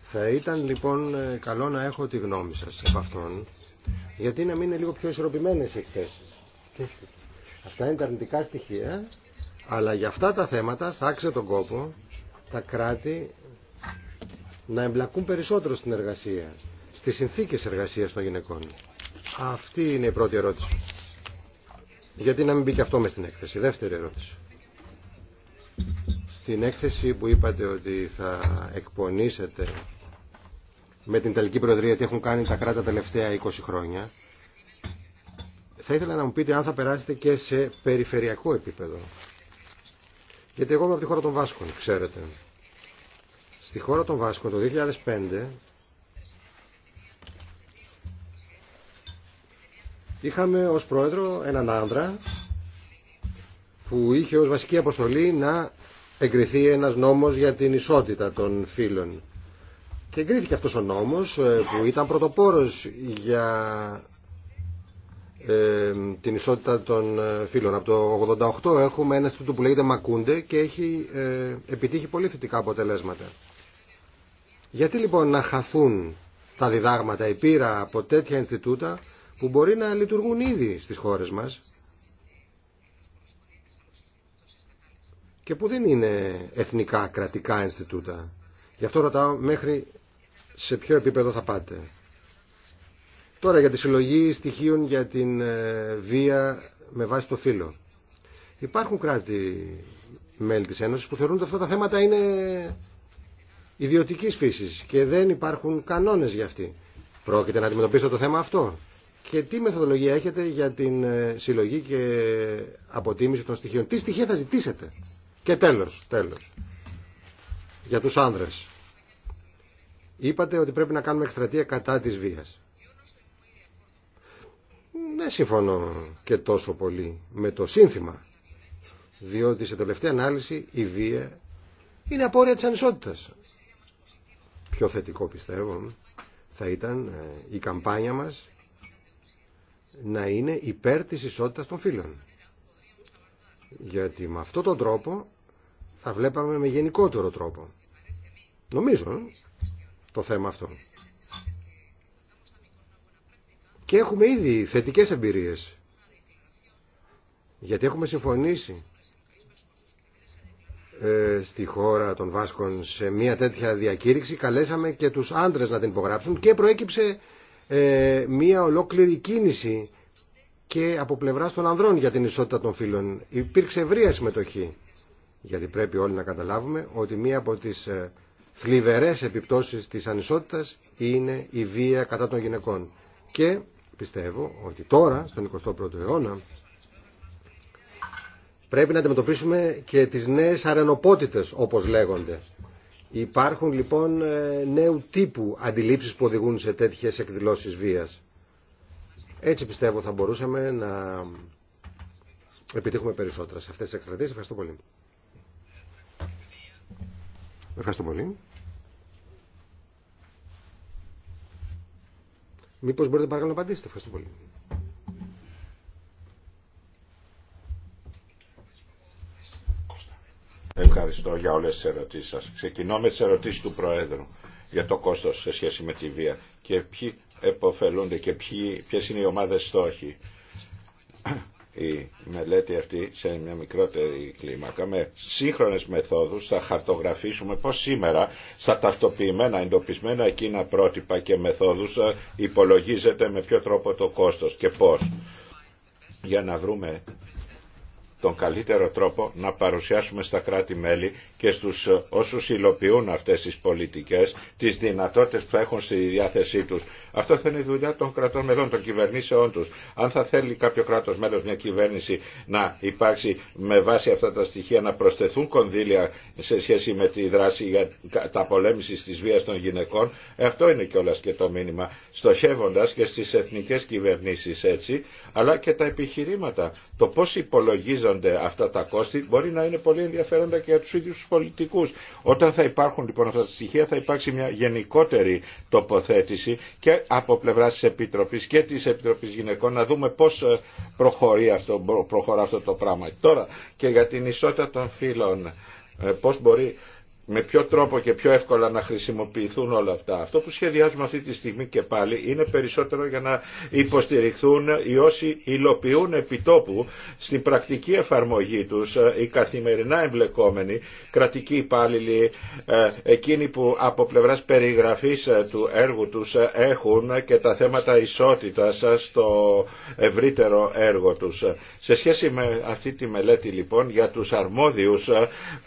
Θα ήταν λοιπόν καλό να έχω τη γνώμη σας από αυτόν, γιατί να μην είναι λίγο πιο ισορροπημένες οι εκθέσεις. Αυτά είναι τα αρνητικά στοιχεία, αλλά για αυτά τα θέματα θα άξε τον κόπο τα κράτη να εμπλακούν περισσότερο στην εργασία, στις συνθήκες εργασίας των γυναικών. Αυτή είναι η πρώτη ερώτηση. Γιατί να μην μπει και αυτό με στην έκθεση. Δεύτερη ερώτηση. Στην έκθεση που είπατε ότι θα εκπονήσετε με την Τελική Προεδρία τι έχουν κάνει τα κράτα τελευταία 20 χρόνια, θα ήθελα να μου πείτε αν θα περάσετε και σε περιφερειακό επίπεδο. Γιατί εγώ είμαι από τη χώρα των Βάσκων, ξέρετε. Στη χώρα των Βάσκων το 2005 είχαμε ως πρόεδρο έναν άνδρα που είχε ως βασική αποστολή να εγκριθεί ένας νόμος για την ισότητα των φίλων. Και εγκρίθηκε αυτός ο νόμος ε, που ήταν πρωτοπόρος για ε, την ισότητα των ε, φίλων. Από το 1988 έχουμε ένα του που λέγεται Μακούντε και έχει επιτύχει πολύ θετικά αποτελέσματα. Γιατί λοιπόν να χαθούν τα διδάγματα, η πείρα από τέτοια Ινστιτούτα που μπορεί να λειτουργούν ήδη στις χώρες μας και που δεν είναι εθνικά κρατικά Ινστιτούτα. Γι' αυτό ρωτάω μέχρι σε ποιο επίπεδο θα πάτε. Τώρα για τη συλλογή στοιχείων για την ε, βία με βάση το φύλλο. Υπάρχουν κράτη μέλη της Ένωσης που θεωρούν ότι αυτά τα θέματα είναι ιδιωτικής φύσης και δεν υπάρχουν κανόνες για αυτή. Πρόκειται να αντιμετωπίσετε το θέμα αυτό. Και τι μεθοδολογία έχετε για την ε, συλλογή και αποτίμηση των στοιχείων. Τι στοιχεία θα ζητήσετε. Και τέλος, τέλος. Για τους άνδρες. Είπατε ότι πρέπει να κάνουμε εκστρατεία κατά της βίας. Δεν συμφωνώ και τόσο πολύ με το σύνθημα. Διότι σε τελευταία ανάλυση η βία είναι απόρρια της ανισότητας. Πιο θετικό πιστεύω θα ήταν ε, η καμπάνια μας να είναι υπέρ της ισότητας των φίλων. Γιατί με αυτόν τον τρόπο θα βλέπαμε με γενικότερο τρόπο. Νομίζω ε, το θέμα αυτό. Και έχουμε ήδη θετικές εμπειρίες. Γιατί έχουμε συμφωνήσει ε, στη χώρα των Βάσκων σε μια τέτοια διακήρυξη καλέσαμε και τους άντρες να την υπογράψουν και προέκυψε ε, μια ολόκληρη κίνηση και από πλευρά των ανδρών για την ισότητα των φύλων. Υπήρξε ευρεία συμμετοχή. Γιατί πρέπει όλοι να καταλάβουμε ότι μία από τις ε, θλιβερές επιπτώσεις της ανισότητας είναι η βία κατά των γυναικών. Και πιστεύω ότι τώρα, στον 21ο αιώνα, πρέπει να αντιμετωπίσουμε και τις νέες αρενοπότητες, όπως λέγονται. Υπάρχουν λοιπόν ε, νέου τύπου αντιλήψεις που οδηγούν σε τέτοιες εκδηλώσεις βίας. Έτσι πιστεύω θα μπορούσαμε να επιτύχουμε περισσότερα σε αυτές τις εκστρατείες. Ευχαριστώ πολύ. Ευχαριστώ πολύ. Μήπως μπορείτε παρακαλώ να απαντήσετε. Ευχαριστώ πολύ. Ευχαριστώ για όλες τις ερωτήσεις σας. Ξεκινώ με τις ερωτήσεις του Προέδρου για το κόστος σε σχέση με τη βία και ποιοι εποφελούνται και ποιοι, ποιες είναι οι ομάδες στόχοι. Η μελέτη αυτή σε μια μικρότερη κλίμακα με σύγχρονες μεθόδους θα χαρτογραφήσουμε πώς σήμερα στα ταυτοποιημένα εντοπισμένα εκείνα πρότυπα και μεθόδους υπολογίζεται με ποιο τρόπο το κόστος και πώς για να βρούμε τον καλύτερο τρόπο να παρουσιάσουμε στα κράτη-μέλη και στους ε, όσους υλοποιούν αυτές τις πολιτικές τις δυνατότητες που έχουν στη διάθεσή τους. Αυτό θα είναι η δουλειά των κρατών μελών, των κυβερνήσεών τους. Αν θα θέλει κάποιο κράτος μέλος, μια κυβέρνηση να υπάρξει με βάση αυτά τα στοιχεία να προσθεθούν κονδύλια σε σχέση με τη δράση για τα πολέμηση της βία των γυναικών, αυτό είναι κιόλα και το μήνυμα, στοχεύοντας και στις εθνικές κυβερνήσεις έτσι, αλλά και τα επιχειρήματα, το πώς υπολογίζονται αυτά τα κόστη μπορεί να είναι πολύ ενδιαφέροντα και για τους ίδιους τους πολιτικούς. Όταν θα υπάρχουν λοιπόν αυτά τα στοιχεία θα υπάρξει μια γενικότερη τοποθέτηση και από πλευρά της Επιτροπής και της Επιτροπής Γυναικών να δούμε πώς ε, προχωρεί αυτό, προχωρά αυτό το πράγμα. Τώρα και για την ισότητα των φύλων ε, πώς μπορεί με ποιο τρόπο και πιο εύκολα να χρησιμοποιηθούν όλα αυτά. Αυτό που σχεδιάζουμε αυτή τη στιγμή και πάλι είναι περισσότερο για να υποστηριχθούν οι όσοι υλοποιούν επιτόπου στην πρακτική εφαρμογή τους, ε, οι καθημερινά εμπλεκόμενοι, κρατικοί υπάλληλοι, ε, εκείνοι που από πλευράς περιγραφής ε, του έργου τους έχουν και τα θέματα ισότητας στο ευρύτερο έργο τους. Σε σχέση με αυτή τη μελέτη λοιπόν για τους αρμόδιους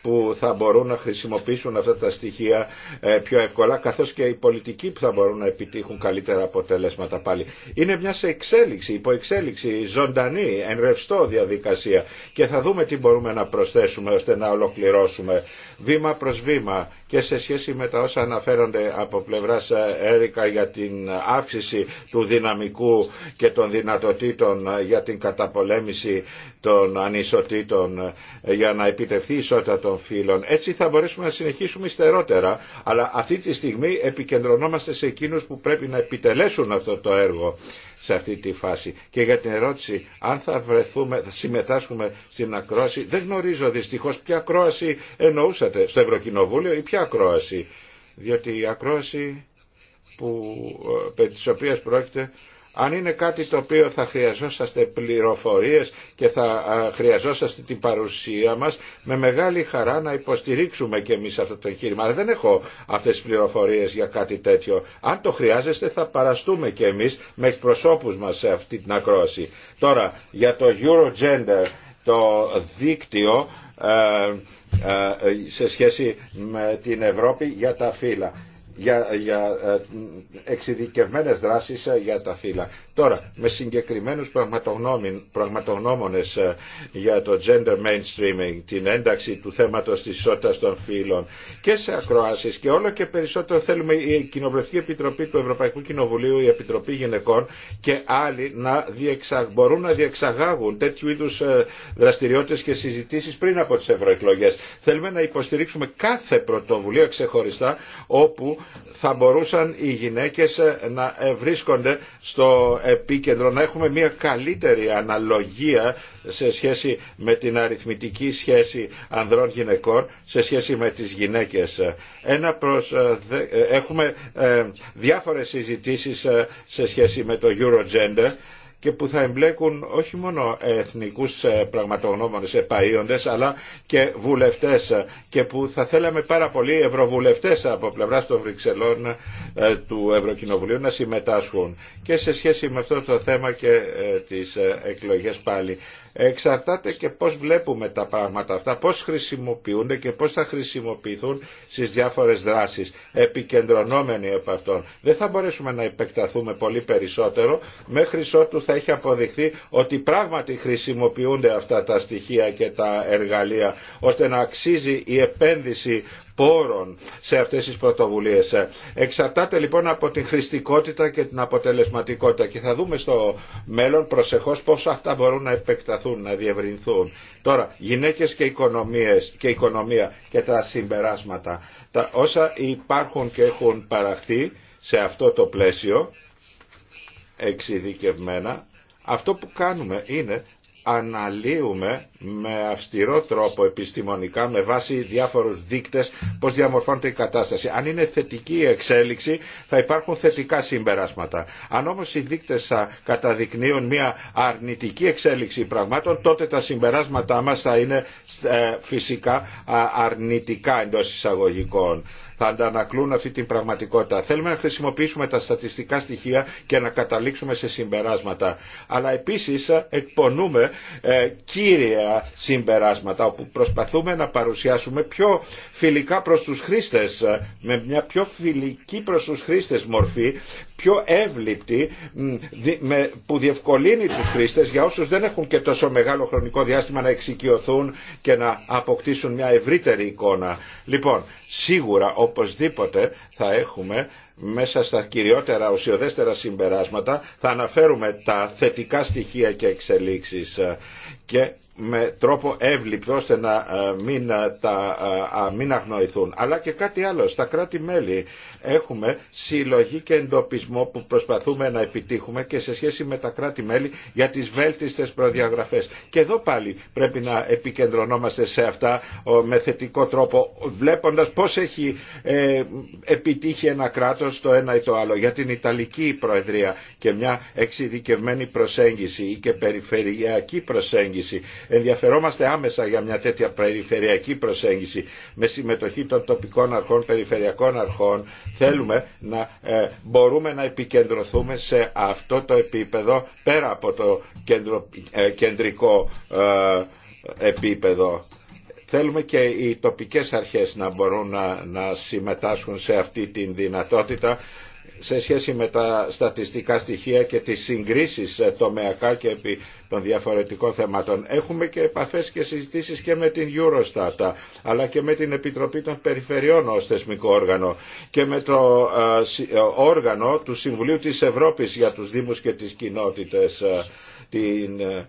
που θα μπορούν να χρησιμοποιηθούν εντοπίσουν αυτά τα στοιχεία ε, πιο εύκολα, καθώς και οι πολιτικοί που θα μπορούν να επιτύχουν καλύτερα αποτελέσματα πάλι. Είναι μια σε εξέλιξη, υποεξέλιξη, ζωντανή, ενρευστό διαδικασία και θα δούμε τι μπορούμε να προσθέσουμε ώστε να ολοκληρώσουμε βήμα προς βήμα και σε σχέση με τα όσα αναφέρονται από πλευράς ε, Έρικα για την αύξηση του δυναμικού και των δυνατοτήτων ε, για την καταπολέμηση των ανισοτήτων για να επιτευχθεί η ισότητα των φύλων. Έτσι θα μπορέσουμε να συνεχίσουμε υστερότερα. Αλλά αυτή τη στιγμή επικεντρωνόμαστε σε εκείνους που πρέπει να επιτελέσουν αυτό το έργο σε αυτή τη φάση. Και για την ερώτηση αν θα, βρεθούμε, θα συμμετάσχουμε στην ακρόαση, δεν γνωρίζω δυστυχώς ποια ακρόαση εννοούσατε στο Ευρωκοινοβούλιο ή ποια ακρόαση. Διότι η ακρόαση που, ε, περί της οποίας πρόκειται αν είναι κάτι το οποίο θα χρειαζόσαστε πληροφορίες και θα χρειαζόσαστε την παρουσία μας, με μεγάλη χαρά να υποστηρίξουμε και εμείς αυτό το εγχείρημα. Αλλά δεν έχω αυτές τις πληροφορίες για κάτι τέτοιο. Αν το χρειάζεστε θα παραστούμε και εμείς με προσώπους μας σε αυτή την ακρόαση. Τώρα, για το Eurogender, το δίκτυο ε, ε, σε σχέση με την Ευρώπη για τα φύλλα για, για ε, εξειδικευμένες δράσεις ε, για τα φύλλα. Τώρα, με συγκεκριμένους πραγματογνώμονες ε, για το gender mainstreaming, την ένταξη του θέματος της ισότητας των φύλων και σε ακροάσεις και όλο και περισσότερο θέλουμε η Κοινοβουλευτική Επιτροπή του Ευρωπαϊκού Κοινοβουλίου, η Επιτροπή Γυναικών και άλλοι να διεξα... μπορούν να διεξαγάγουν τέτοιου είδους δραστηριότητες και συζητήσεις πριν από τις ευρωεκλογές. Θέλουμε να υποστηρίξουμε κάθε πρωτοβουλία ξεχωριστά όπου θα μπορούσαν οι γυναίκες ε, να ε, βρίσκονται στο επίκεντρο, να έχουμε μια καλύτερη αναλογία σε σχέση με την αριθμητική σχέση ανδρών γυναικών σε σχέση με τις γυναίκες. Ένα προς, ε, έχουμε διάφορες συζητήσεις σε σχέση με το Eurogender και που θα εμπλέκουν όχι μόνο εθνικούς ε, πραγματογνώμονες επαΐοντες αλλά και βουλευτές ε, και που θα θέλαμε πάρα πολλοί ευρωβουλευτές από πλευρά των Βρυξελών ε, του Ευρωκοινοβουλίου να συμμετάσχουν και σε σχέση με αυτό το θέμα και τις εκλογές πάλι εξαρτάται και πώς βλέπουμε τα πράγματα αυτά, πώς χρησιμοποιούνται και πώς θα χρησιμοποιηθούν στις διάφορες δράσεις, επικεντρωνόμενοι από αυτόν. Δεν θα μπορέσουμε να επεκταθούμε πολύ περισσότερο, μέχρι ότου θα έχει αποδειχθεί ότι πράγματι χρησιμοποιούνται αυτά τα στοιχεία και τα εργαλεία, ώστε να αξίζει η επένδυση πόρων σε αυτές τις πρωτοβουλίες. Εξαρτάται λοιπόν από την χρηστικότητα και την αποτελεσματικότητα και θα δούμε στο μέλλον προσεχώς πώς αυτά μπορούν να επεκταθούν, να διευρυνθούν. Τώρα, γυναίκες και, οικονομίες, και οικονομία και τα συμπεράσματα. Τα όσα υπάρχουν και έχουν παραχθεί σε αυτό το πλαίσιο εξειδικευμένα, αυτό που κάνουμε είναι αναλύουμε με αυστηρό τρόπο επιστημονικά με βάση διάφορους δείκτες πώς διαμορφώνεται η κατάσταση. Αν είναι θετική η εξέλιξη θα υπάρχουν θετικά συμπεράσματα. Αν όμως οι δείκτες θα καταδεικνύουν μια αρνητική εξέλιξη πραγμάτων τότε τα συμπεράσματά μας θα είναι ε, φυσικά αρνητικά εντός εισαγωγικών θα αντανακλούν αυτή την πραγματικότητα. Θέλουμε να χρησιμοποιήσουμε τα στατιστικά στοιχεία και να καταλήξουμε σε συμπεράσματα. Αλλά επίσης ε, εκπονούμε ε, κύρια συμπεράσματα όπου προσπαθούμε να παρουσιάσουμε πιο φιλικά προς τους χρήστες, ε, με μια πιο φιλική προς τους χρήστες μορφή, πιο εύληπτη, που διευκολύνει τους χρήστες για όσους δεν έχουν και τόσο μεγάλο χρονικό διάστημα να εξοικειωθούν και να αποκτήσουν μια ευρύτερη εικόνα. Λοιπόν, σίγουρα οπωσδήποτε θα έχουμε μέσα στα κυριότερα ουσιοδέστερα συμπεράσματα θα αναφέρουμε τα θετικά στοιχεία και εξελίξεις ε, και με τρόπο εύληπτο ώστε να ε, μην, ε, τα, μην αγνοηθούν. Αλλά και κάτι άλλο, στα κράτη-μέλη έχουμε συλλογή και εντοπισμό που προσπαθούμε να επιτύχουμε και σε σχέση με τα κράτη-μέλη για τις βέλτιστες προδιαγραφές. Και εδώ πάλι πρέπει να επικεντρωνόμαστε σε αυτά με θετικό τρόπο βλέποντας πώς έχει επιτύχει ένα κράτος στο ένα ή το άλλο για την Ιταλική Προεδρία και μια εξειδικευμένη προσέγγιση ή και περιφερειακή προσέγγιση. Ενδιαφερόμαστε άμεσα για μια τέτοια περιφερειακή προσέγγιση με συμμετοχή των τοπικών αρχών, περιφερειακών αρχών. Θέλουμε να ε, μπορούμε να επικεντρωθούμε σε αυτό το επίπεδο πέρα από το ε, κεντρικό ε, επίπεδο Θέλουμε και οι τοπικές αρχές να μπορούν να, να συμμετάσχουν σε αυτή τη δυνατότητα σε σχέση με τα στατιστικά στοιχεία και τις συγκρίσεις τομεακά και επί των διαφορετικών θεμάτων. Έχουμε και επαφές και συζητήσεις και με την Eurostat, αλλά και με την Επιτροπή των Περιφερειών ως θεσμικό όργανο και με το ε, ε, όργανο του Συμβουλίου της Ευρώπης για τους Δήμους και τις Κοινότητες, ε,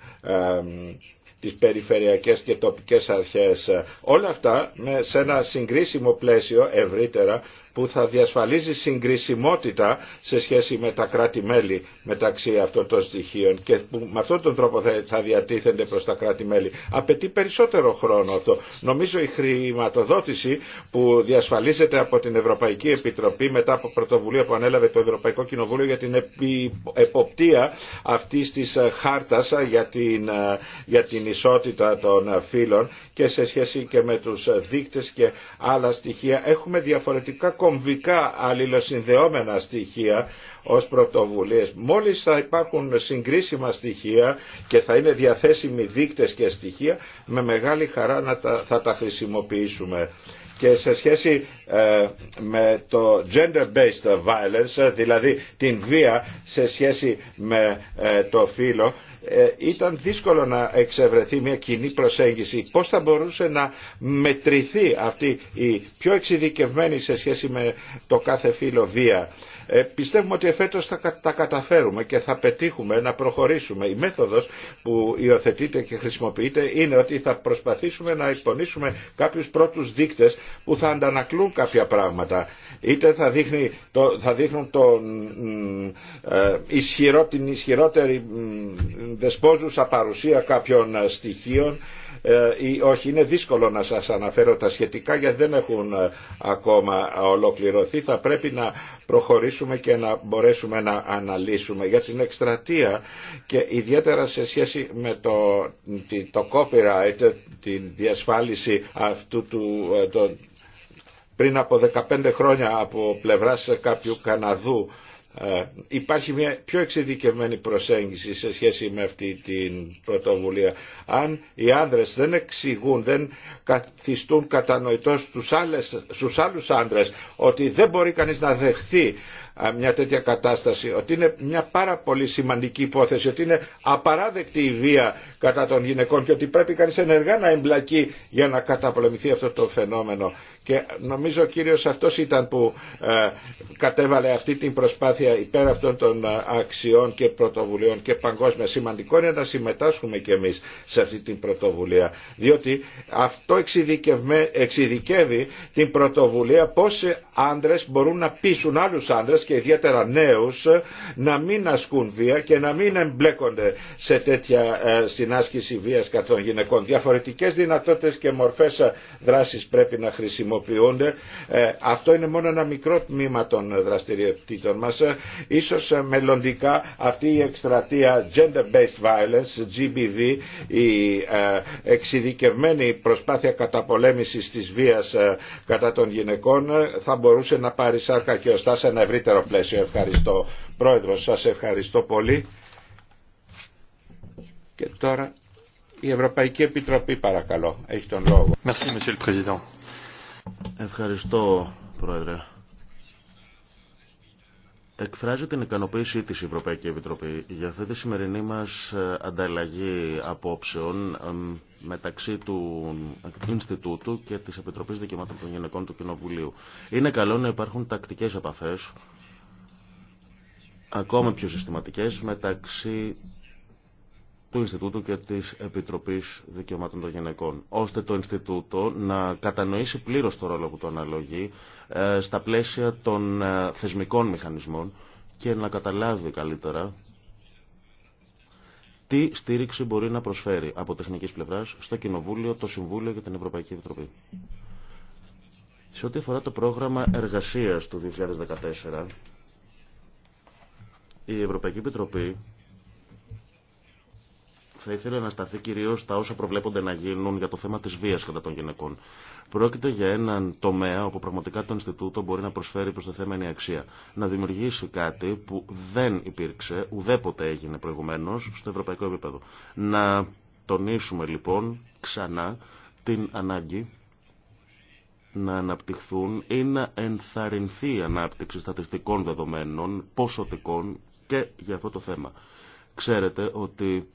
τις περιφερειακές και τοπικές αρχές. Όλα αυτά σε ένα συγκρίσιμο πλαίσιο ευρύτερα που θα διασφαλίζει συγκρισιμότητα σε σχέση με τα κράτη-μέλη μεταξύ αυτών των στοιχείων και που με αυτόν τον τρόπο θα διατίθενται προς τα κράτη-μέλη. Απαιτεί περισσότερο χρόνο αυτό. Νομίζω η χρηματοδότηση που διασφαλίζεται από την Ευρωπαϊκή Επιτροπή μετά από πρωτοβουλία που ανέλαβε το Ευρωπαϊκό Κοινοβούλιο για την εποπτεία αυτή τη ε, χάρτα ε, για την, ε, για την ισότητα των φύλων και σε σχέση και με τους δείκτες και άλλα στοιχεία έχουμε διαφορετικά κομβικά αλληλοσυνδεόμενα στοιχεία ως πρωτοβουλίες. Μόλις θα υπάρχουν συγκρίσιμα στοιχεία και θα είναι διαθέσιμοι δείκτες και στοιχεία, με μεγάλη χαρά να τα, θα τα χρησιμοποιήσουμε. Και σε σχέση ε, με το gender-based violence, δηλαδή την βία σε σχέση με ε, το φύλλο, ε, ήταν δύσκολο να εξευρεθεί μια κοινή προσέγγιση. Πώς θα μπορούσε να μετρηθεί αυτή η πιο εξειδικευμένη σε σχέση με το κάθε φύλλο βία ε, πιστεύουμε ότι εφέτος θα τα καταφέρουμε και θα πετύχουμε να προχωρήσουμε. Η μέθοδος που υιοθετείται και χρησιμοποιείται είναι ότι θα προσπαθήσουμε να εκπονήσουμε κάποιους πρώτους δείκτες που θα αντανακλούν κάποια πράγματα. Είτε θα, δείχνει, θα δείχνουν τον ε, ισχυρό, την ισχυρότερη δεσπόζουσα παρουσία κάποιων ε, στοιχείων ε, όχι. Είναι δύσκολο να σας αναφέρω τα σχετικά γιατί δεν έχουν ε, ακόμα ολοκληρωθεί. Θα πρέπει να προχωρήσουμε και να μπορέσουμε να αναλύσουμε για την εκστρατεία και ιδιαίτερα σε σχέση με το, το copyright, την διασφάλιση αυτού του, ε, το, πριν από 15 χρόνια από πλευράς κάποιου Καναδού ε, υπάρχει μια πιο εξειδικευμένη προσέγγιση σε σχέση με αυτή την πρωτοβουλία. Αν οι άνδρες δεν εξηγούν, δεν καθιστούν κατανοητό στους, άλλες, στους άλλους άνδρες ότι δεν μπορεί κανείς να δεχθεί ε, μια τέτοια κατάσταση, ότι είναι μια πάρα πολύ σημαντική υπόθεση, ότι είναι απαράδεκτη η βία κατά των γυναικών και ότι πρέπει κανείς ενεργά να εμπλακεί για να καταπολεμηθεί αυτό το φαινόμενο. Και νομίζω ο κύριος αυτός ήταν που ε, κατέβαλε αυτή την προσπάθεια υπέρ αυτών των ε, αξιών και πρωτοβουλίων και παγκόσμια. Σημαντικό είναι να συμμετάσχουμε κι εμείς σε αυτή την πρωτοβουλία. Διότι αυτό εξειδικεύει την πρωτοβουλία πώς άντρες μπορούν να πείσουν άλλους άντρες και ιδιαίτερα νέους να μην ασκούν βία και να μην εμπλέκονται σε τέτοια ε, συνάσκηση βίας κατά των γυναικών. Διαφορετικές δυνατότητες και μορφές δράσης πρέπει να χρησιμοποιήσουμε. Ε, αυτό είναι μόνο ένα μικρό τμήμα των δραστηριοτήτων μας. Ε, ίσως ε, μελλοντικά αυτή η εκστρατεία Gender Based Violence, GBV, η εξειδικευμένη προσπάθεια καταπολέμησης της βίας κατά των γυναικών θα μπορούσε να πάρει σάρκα και ωστά σε ένα ευρύτερο πλαίσιο. Ευχαριστώ. Πρόεδρο, σας ευχαριστώ πολύ. Και τώρα η Ευρωπαϊκή Επιτροπή παρακαλώ. Έχει τον λόγο. Ευχαριστώ, Monsieur Ευχαριστώ, Πρόεδρε. Εκφράζει την ικανοποίησή της η Ευρωπαϊκή Επιτροπή για αυτή τη σημερινή μας ε, ανταλλαγή απόψεων μεταξύ του Ινστιτούτου και της Επιτροπής Δικαιωμάτων των Γυναικών του Κοινοβουλίου. Είναι καλό να υπάρχουν τακτικές επαφές, ακόμα πιο συστηματικές, μεταξύ του Ινστιτούτου και της Επιτροπής Δικαιωμάτων των Γυναικών, ώστε το Ινστιτούτο να κατανοήσει πλήρως το ρόλο που το αναλογεί ε, στα πλαίσια των ε, θεσμικών μηχανισμών και να καταλάβει καλύτερα τι στήριξη μπορεί να προσφέρει από τεχνικής πλευράς στο Κοινοβούλιο, το Συμβούλιο και την Ευρωπαϊκή Επιτροπή. Σε ό,τι αφορά το πρόγραμμα εργασίας του 2014, η Ευρωπαϊκή Επιτροπή θα ήθελα να σταθεί κυρίω στα όσα προβλέπονται να γίνουν για το θέμα τη βία κατά των γυναικών. Πρόκειται για έναν τομέα όπου πραγματικά το Ινστιτούτο μπορεί να προσφέρει προσθεθέμενη αξία. Να δημιουργήσει κάτι που δεν υπήρξε, ουδέποτε έγινε προηγουμένω στο ευρωπαϊκό επίπεδο. Να τονίσουμε λοιπόν ξανά την ανάγκη να αναπτυχθούν ή να ενθαρρυνθεί η ανάπτυξη στατιστικών δεδομένων, ποσοτικών και για αυτό το θέμα. Ξέρετε ότι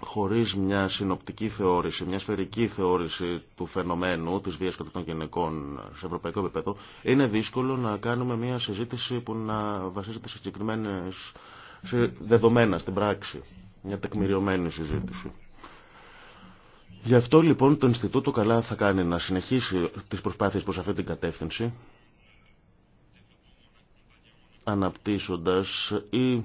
χωρίς μια συνοπτική θεώρηση, μια σφαιρική θεώρηση του φαινομένου της βίας κατά των γυναικών σε ευρωπαϊκό επίπεδο, είναι δύσκολο να κάνουμε μια συζήτηση που να βασίζεται σε συγκεκριμένε δεδομένα στην πράξη. Μια τεκμηριωμένη συζήτηση. Γι' αυτό λοιπόν το Ινστιτούτο καλά θα κάνει να συνεχίσει τις προσπάθειες προς αυτή την κατεύθυνση, αναπτύσσοντας ή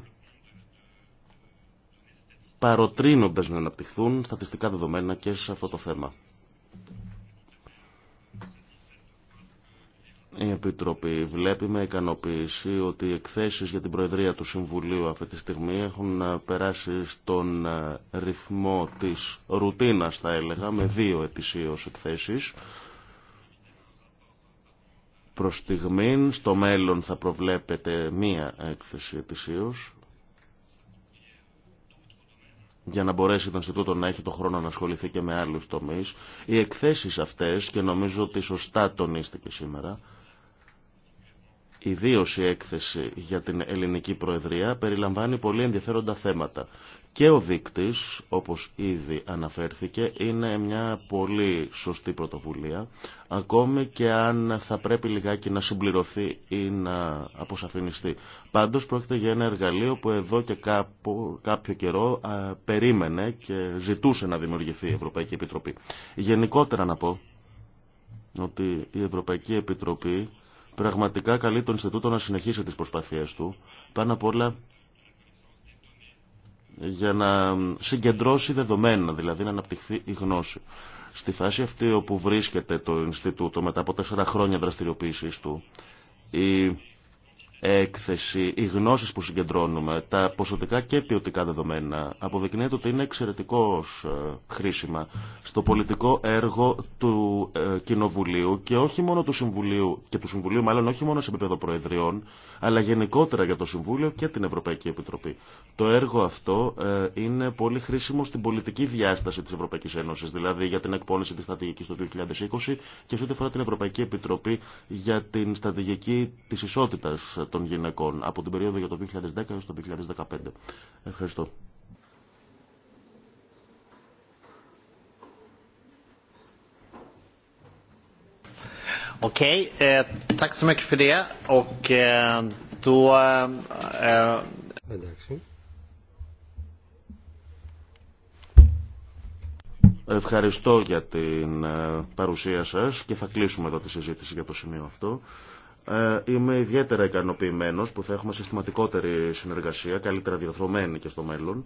παροτρύνοντας να αναπτυχθούν στατιστικά δεδομένα και σε αυτό το θέμα. Η Επιτροπή βλέπει με ικανοποίηση ότι οι εκθέσεις για την Προεδρία του Συμβουλίου αυτή τη στιγμή έχουν περάσει στον ρυθμό της ρουτίνας θα έλεγα με δύο ετησίως εκθέσεις. Προς στιγμήν στο μέλλον θα προβλέπεται μία έκθεση ετησίως για να μπορέσει το Ινστιτούτο να έχει το χρόνο να ασχοληθεί και με άλλους τομείς. Οι εκθέσεις αυτές, και νομίζω ότι σωστά τονίστηκε σήμερα, Ιδίω η έκθεση για την ελληνική προεδρία περιλαμβάνει πολύ ενδιαφέροντα θέματα. Και ο δείκτης, όπως ήδη αναφέρθηκε, είναι μια πολύ σωστή πρωτοβουλία, ακόμη και αν θα πρέπει λιγάκι να συμπληρωθεί ή να αποσαφινιστεί. Πάντως πρόκειται για ένα εργαλείο που εδώ και κάπου, κάποιο καιρό α, περίμενε και ζητούσε να δημιουργηθεί η Ευρωπαϊκή εδω και καποιο καιρο περιμενε και Γενικότερα να πω ότι η Ευρωπαϊκή Επιτροπή πραγματικά καλεί τον Ινστιτούτο να συνεχίσει τις προσπάθειές του, πάνω απ' όλα για να συγκεντρώσει δεδομένα, δηλαδή να αναπτυχθεί η γνώση. Στη φάση αυτή όπου βρίσκεται το Ινστιτούτο μετά από τέσσερα χρόνια δραστηριοποίησης του, έκθεση, οι γνώσεις που συγκεντρώνουμε, τα ποσοτικά και ποιοτικά δεδομένα αποδεικνύεται ότι είναι εξαιρετικώς ε, χρήσιμα στο πολιτικό έργο του ε, Κοινοβουλίου και όχι μόνο του Συμβουλίου, και του Συμβουλίου μάλλον όχι μόνο σε επίπεδο Προεδριών, αλλά γενικότερα για το Συμβούλιο και την Ευρωπαϊκή Επιτροπή. Το έργο αυτό ε, είναι πολύ χρήσιμο στην πολιτική διάσταση της Ευρωπαϊκής Ένωσης, δηλαδή για την εκπόνηση της στρατηγικής το 2020 και σε ό,τι την Ευρωπαϊκή Επιτροπή για την στρατηγική της ισότητας των γυναικών από την περίοδο για το 2010 έως το 2015. Ευχαριστώ. Okej, ε, tack så mycket för det. Och eh, då... Eh, eh. Ευχαριστώ για την ε, παρουσία σας και θα κλείσουμε εδώ τη συζήτηση για το σημείο αυτό. Ε, είμαι ιδιαίτερα ικανοποιημένος που θα έχουμε συστηματικότερη συνεργασία, καλύτερα διαδρομένη και στο μέλλον.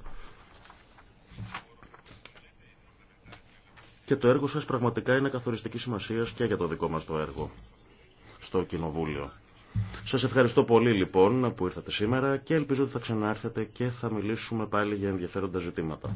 Και το έργο σας πραγματικά είναι καθοριστική σημασίας και για το δικό μας το έργο στο Κοινοβούλιο. Σας ευχαριστώ πολύ λοιπόν που ήρθατε σήμερα και ελπίζω ότι θα ξανάρθετε και θα μιλήσουμε πάλι για ενδιαφέροντα ζητήματα.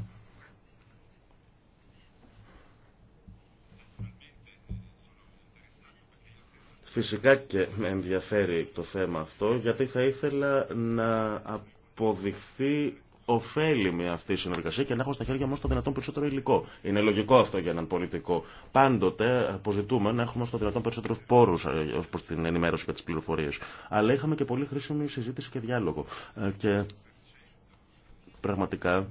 Φυσικά και με ενδιαφέρει το θέμα αυτό, γιατί θα ήθελα να αποδειχθεί ωφέλιμη αυτή η συνεργασία και να έχω στα χέρια μου στο δυνατόν περισσότερο υλικό. Είναι λογικό αυτό για έναν πολιτικό. Πάντοτε αποζητούμε να έχουμε στο δυνατόν περισσότερου πόρου ε, ω προ την ενημέρωση και τι πληροφορίε. Αλλά είχαμε και πολύ χρήσιμη συζήτηση και διάλογο. Ε, και πραγματικά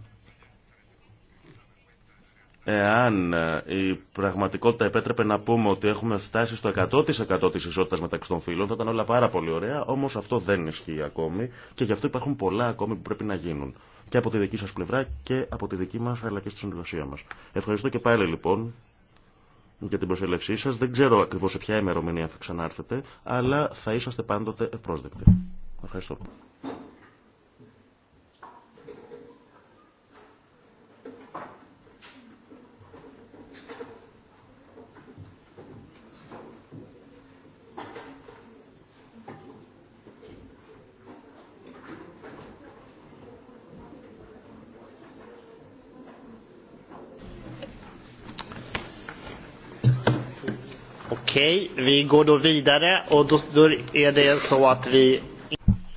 Εάν ε, η πραγματικότητα επέτρεπε να πούμε ότι έχουμε φτάσει στο 100% της ισότητας μεταξύ των φύλων, θα ήταν όλα πάρα πολύ ωραία, όμως αυτό δεν ισχύει ακόμη και γι' αυτό υπάρχουν πολλά ακόμη που πρέπει να γίνουν. Και από τη δική σας πλευρά και από τη δική μας, αλλά και στη συνεργασία μας. Ευχαριστώ και πάλι λοιπόν για την προσέλευσή σας. Δεν ξέρω ακριβώς σε ποια ημερομηνία θα ξανάρθετε, αλλά θα είσαστε πάντοτε ευπρόσδεκτοι. Ευχαριστώ.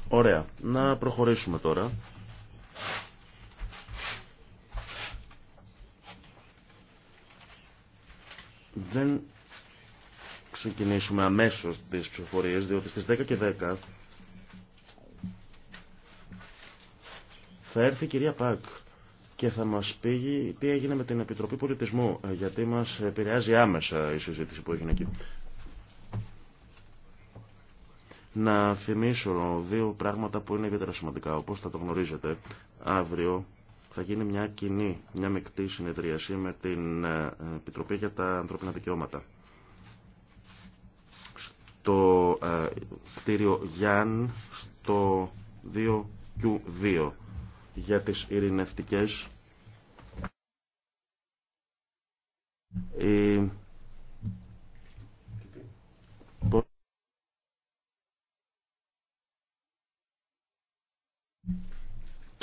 Ωραία. Να προχωρήσουμε τώρα. Δεν ξεκινήσουμε αμέσως τις ψηφοφορίες, διότι στις 10 και 10 θα έρθει η κυρία Πακ και θα μας πει τι έγινε με την Επιτροπή Πολιτισμού, ε, γιατί μας επηρεάζει άμεσα η συζήτηση που έγινε εκεί να θυμίσω δύο πράγματα που είναι ιδιαίτερα σημαντικά. Όπως θα το γνωρίζετε, αύριο θα γίνει μια κοινή, μια μεικτή συνεδρίαση με την ε, Επιτροπή για τα Ανθρώπινα Δικαιώματα. Στο ε, κτίριο Γιάν, στο 2Q2 για τις ειρηνευτικές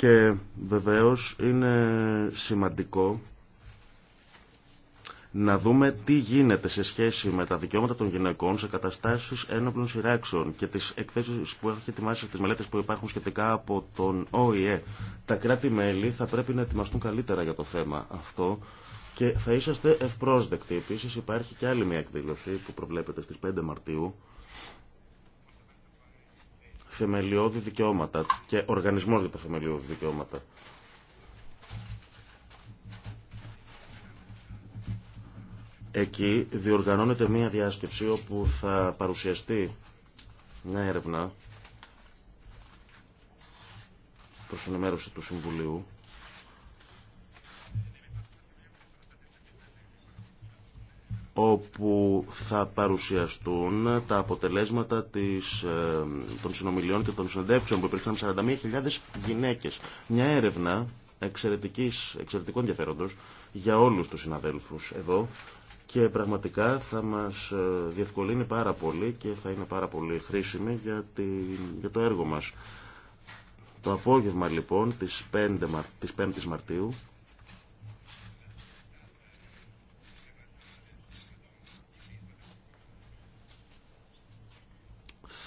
Και βεβαίως είναι σημαντικό να δούμε τι γίνεται σε σχέση με τα δικαιώματα των γυναικών σε καταστάσεις ένοπλων σειράξεων και τις εκθέσεις που έχει ετοιμάσει τις μελέτες που υπάρχουν σχετικά από τον ΟΗΕ. Τα κράτη-μέλη θα πρέπει να ετοιμαστούν καλύτερα για το θέμα αυτό και θα είσαστε ευπρόσδεκτοι. Επίσης υπάρχει και άλλη μια εκδήλωση που προβλέπεται στις 5 Μαρτίου θεμελιώδη δικαιώματα και οργανισμός για τα θεμελιώδη δικαιώματα. Εκεί διοργανώνεται μία διάσκεψη όπου θα παρουσιαστεί μια έρευνα προς ενημέρωση του Συμβουλίου όπου θα παρουσιαστούν τα αποτελέσματα της, ε, των συνομιλιών και των συνεντεύξεων που υπήρξαν 41.000 γυναίκες. Μια έρευνα εξαιρετικής, εξαιρετικού ενδιαφέροντος για όλους τους συναδέλφους εδώ και πραγματικά θα μας ε, διευκολύνει πάρα πολύ και θα είναι πάρα πολύ χρήσιμη για, για το έργο μας. Το απόγευμα λοιπόν της 5, της 5 Μαρτίου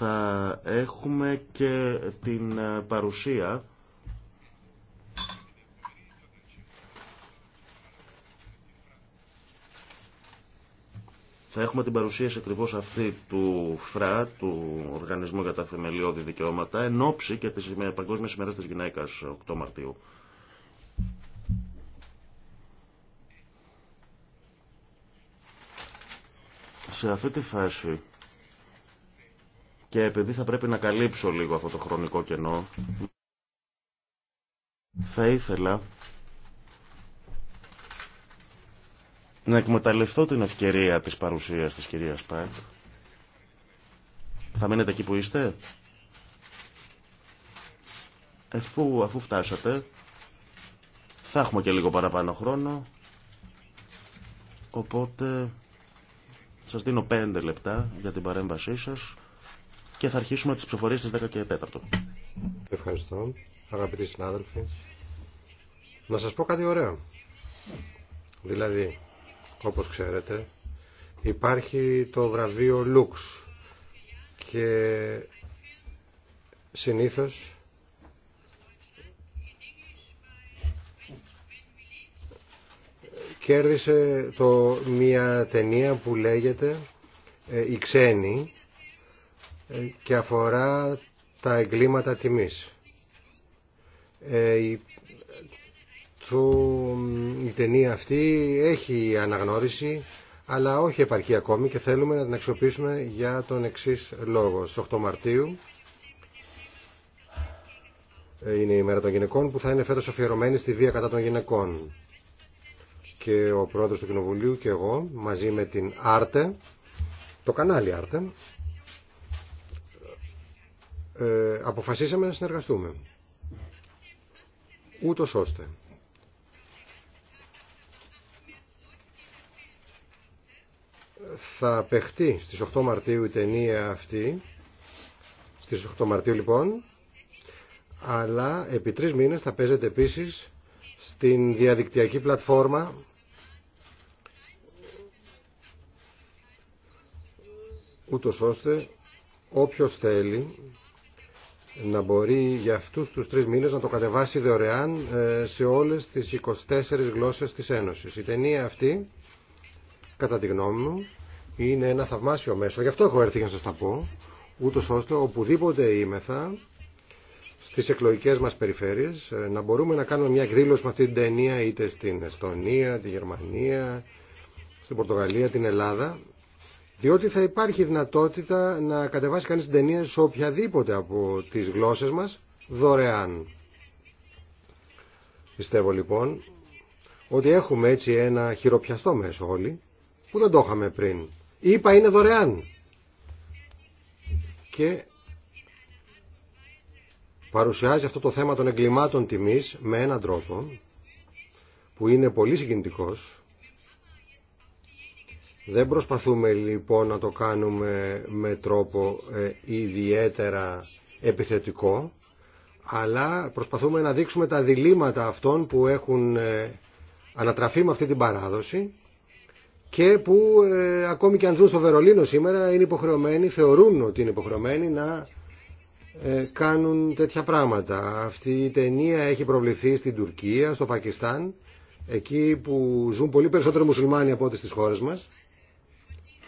θα έχουμε και την ε, παρουσία Θα έχουμε την παρουσίαση ακριβώς αυτή του ΦΡΑ, του Οργανισμού για τα Θεμελιώδη Δικαιώματα, εν ώψη και της Παγκόσμιας ημέρας της Γυναίκας, 8 Μαρτίου. Σε αυτή τη φάση και επειδή θα πρέπει να καλύψω λίγο αυτό το χρονικό κενό, θα ήθελα να εκμεταλλευτώ την ευκαιρία της παρουσίας της κυρίας Πακ. Θα μείνετε εκεί που είστε. Εφού, αφού φτάσατε, θα έχουμε και λίγο παραπάνω χρόνο. Οπότε σας δίνω πέντε λεπτά για την παρέμβασή σας και θα αρχίσουμε τις ψηφοφορίες στις 10 και 4. Ευχαριστώ, αγαπητοί συνάδελφοι. Να σας πω κάτι ωραίο. Δηλαδή, όπως ξέρετε, υπάρχει το βραβείο Lux και συνήθως κέρδισε το μια ταινία που λέγεται ε, Η ξένη. Ε, και αφορά τα εγκλήματα τιμής. Ε, η, η ταινία αυτή έχει αναγνώριση, αλλά όχι επαρκή ακόμη και θέλουμε να την αξιοποιήσουμε για τον εξής λόγο. Στις 8 Μαρτίου ε, είναι η μέρα των γυναικών που θα είναι φέτος αφιερωμένη στη βία κατά των γυναικών. Και ο πρόεδρος του Κοινοβουλίου και εγώ μαζί με την Άρτε, το κανάλι Άρτε, ε, αποφασίσαμε να συνεργαστούμε. Ούτως ώστε θα παιχτεί στις 8 Μαρτίου η ταινία αυτή, στις 8 Μαρτίου λοιπόν, αλλά επί τρεις μήνες θα παίζεται επίσης στην διαδικτυακή πλατφόρμα ούτως ώστε όποιος θέλει να μπορεί για αυτούς τους τρεις μήνες να το κατεβάσει δωρεάν ε, σε όλες τις 24 γλώσσες της Ένωσης. Η ταινία αυτή, κατά τη γνώμη μου, είναι ένα θαυμάσιο μέσο. Γι' αυτό έχω έρθει για να σας τα πω, ούτως ώστε οπουδήποτε είμεθα στις εκλογικές μας περιφέρειες ε, να μπορούμε να κάνουμε μια εκδήλωση με αυτή την ταινία είτε στην Εστονία, τη Γερμανία, στην Πορτογαλία, την Ελλάδα διότι θα υπάρχει δυνατότητα να κατεβάσει κανείς την ταινία σε οποιαδήποτε από τις γλώσσες μας δωρεάν. Πιστεύω λοιπόν ότι έχουμε έτσι ένα χειροπιαστό μέσο όλοι που δεν το είχαμε πριν. Είπα είναι δωρεάν. Και παρουσιάζει αυτό το θέμα των εγκλημάτων τιμής με έναν τρόπο που είναι πολύ συγκινητικός δεν προσπαθούμε λοιπόν να το κάνουμε με τρόπο ε, ιδιαίτερα επιθετικό, αλλά προσπαθούμε να δείξουμε τα διλήμματα αυτών που έχουν ε, ανατραφεί με αυτή την παράδοση και που ε, ακόμη και αν ζουν στο Βερολίνο σήμερα είναι υποχρεωμένοι, θεωρούν ότι είναι υποχρεωμένοι να κάνουν τέτοια πράγματα. Αυτή η ταινία έχει προβληθεί στην Τουρκία, στο Πακιστάν, εκεί που ζουν πολύ περισσότερο μουσουλμάνοι από ό,τι στις χώρες μας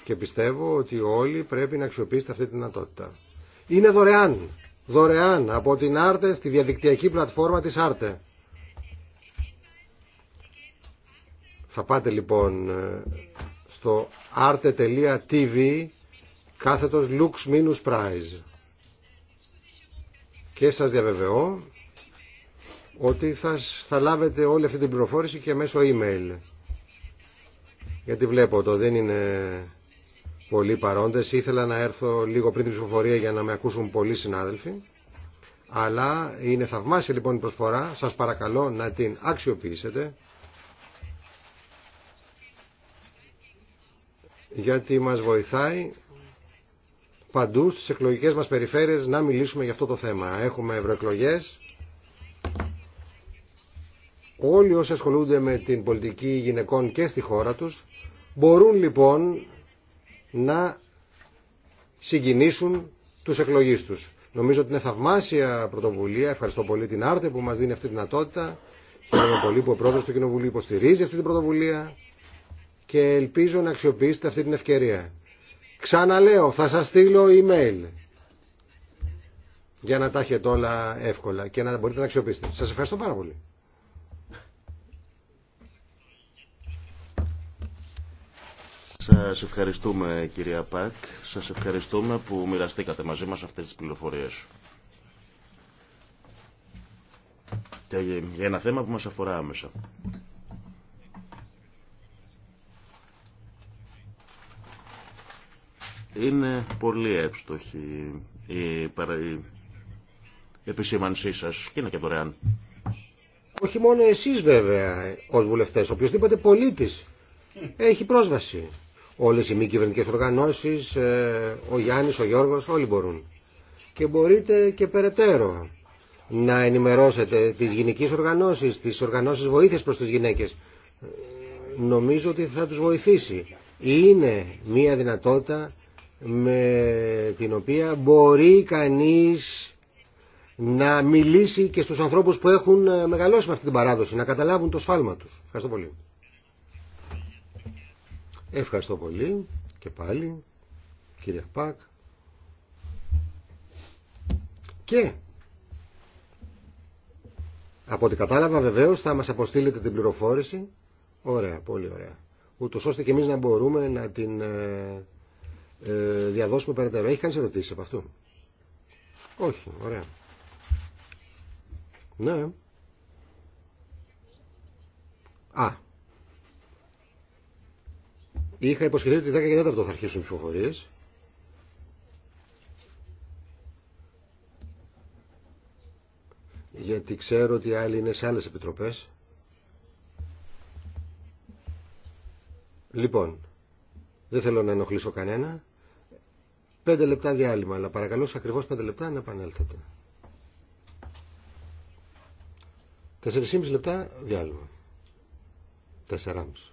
και πιστεύω ότι όλοι πρέπει να αξιοποιήσετε αυτή τη δυνατότητα. Είναι δωρεάν. Δωρεάν από την Άρτε στη διαδικτυακή πλατφόρμα της Άρτε. Θα πάτε λοιπόν ε, στο arte.tv κάθετος Lux Minus Prize και σας διαβεβαιώ ότι θα, θα λάβετε όλη αυτή την πληροφόρηση και μέσω email γιατί βλέπω το δεν είναι πολλοί παρόντες. Ήθελα να έρθω λίγο πριν την ψηφοφορία για να με ακούσουν πολλοί συνάδελφοι. Αλλά είναι θαυμάσια λοιπόν η προσφορά. Σας παρακαλώ να την αξιοποιήσετε. Γιατί μας βοηθάει παντού στις εκλογικές μας περιφέρειες να μιλήσουμε για αυτό το θέμα. Έχουμε ευρωεκλογέ. Όλοι όσοι ασχολούνται με την πολιτική γυναικών και στη χώρα τους μπορούν λοιπόν να συγκινήσουν τους εκλογείς του. Νομίζω ότι είναι θαυμάσια πρωτοβουλία. Ευχαριστώ πολύ την Άρτε που μας δίνει αυτή τη δυνατότητα. Χαίρομαι πολύ που ο πρόεδρος του Κοινοβουλίου υποστηρίζει αυτή την πρωτοβουλία και ελπίζω να αξιοποιήσετε αυτή την ευκαιρία. Ξαναλέω, θα σας στείλω email για να τα έχετε όλα εύκολα και να μπορείτε να αξιοποιήσετε. Σας ευχαριστώ πάρα πολύ. Σας ευχαριστούμε κυρία Πακ, σας ευχαριστούμε που μοιραστήκατε μαζί μας αυτές τις πληροφορίες. για ένα θέμα που μας αφορά άμεσα. Είναι πολύ εύστοχη η, παρα... η επισήμανσή σας και είναι και δωρεάν. Όχι μόνο εσείς βέβαια ως βουλευτές, οποιοδήποτε πολίτης έχει πρόσβαση όλες οι μη κυβερνητικέ οργανώσεις, ε, ο Γιάννης, ο Γιώργος, όλοι μπορούν. Και μπορείτε και περαιτέρω να ενημερώσετε τις γυναικείς οργανώσεις, τις οργανώσεις βοήθειας προς τις γυναίκες. Νομίζω ότι θα τους βοηθήσει. Είναι μια δυνατότητα με την οποία μπορεί κανείς να μιλήσει και στους ανθρώπους που έχουν μεγαλώσει με αυτή την παράδοση, να καταλάβουν το σφάλμα τους. Ευχαριστώ πολύ. Ευχαριστώ πολύ και πάλι, κύριε Πακ. Και από ό,τι κατάλαβα βεβαίως θα μας αποστείλετε την πληροφόρηση. Ωραία, πολύ ωραία. Ούτως ώστε και εμείς να μπορούμε να την ε, ε, διαδώσουμε περαιτέρω. Έχει κανείς ερωτήσει από αυτού. Όχι, ωραία. Ναι. Α, Είχα υποσχεθεί ότι 10 και 4 θα αρχίσουν οι ψηφοφορίε. Γιατί ξέρω ότι οι άλλοι είναι σε άλλε επιτροπέ. Λοιπόν, δεν θέλω να ενοχλήσω κανένα. Πέντε λεπτά διάλειμμα, αλλά παρακαλώ σε ακριβώς πέντε λεπτά να επανέλθετε. Τεσσερισήμιση λεπτά διάλειμμα. Τεσσεράμιση.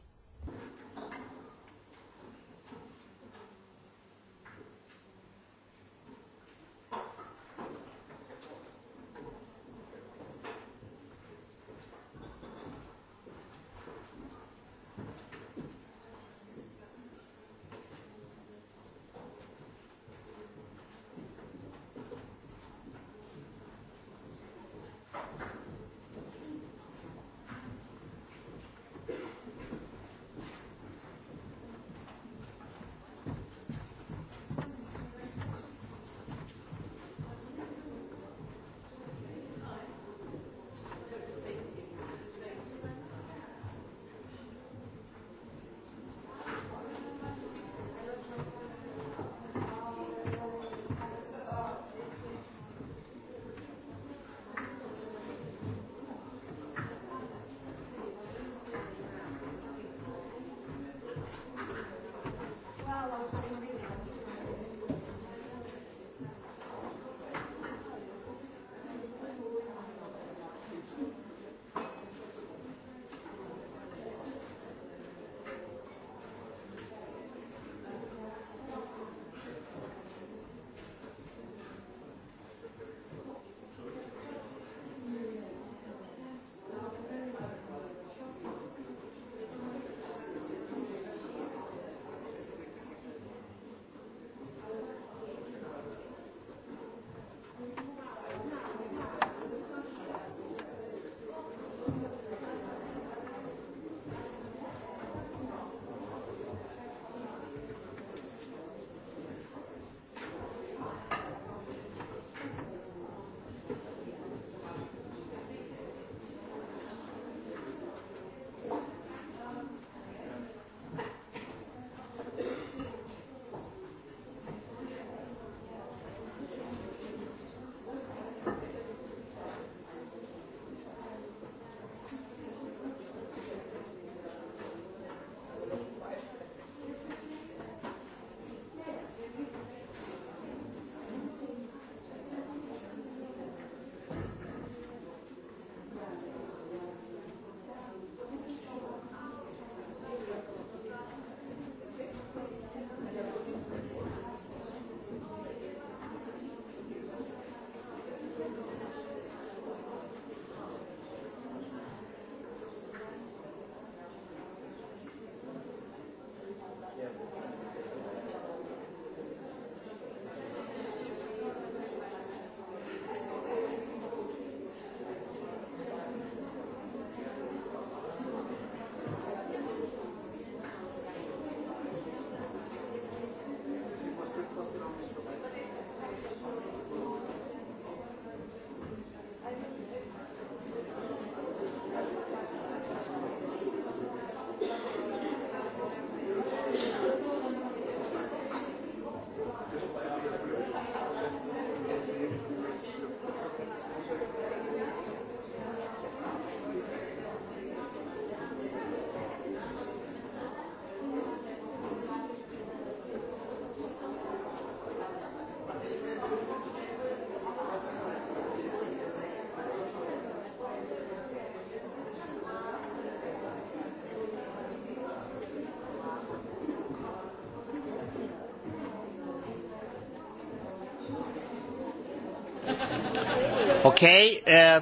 Okay, uh,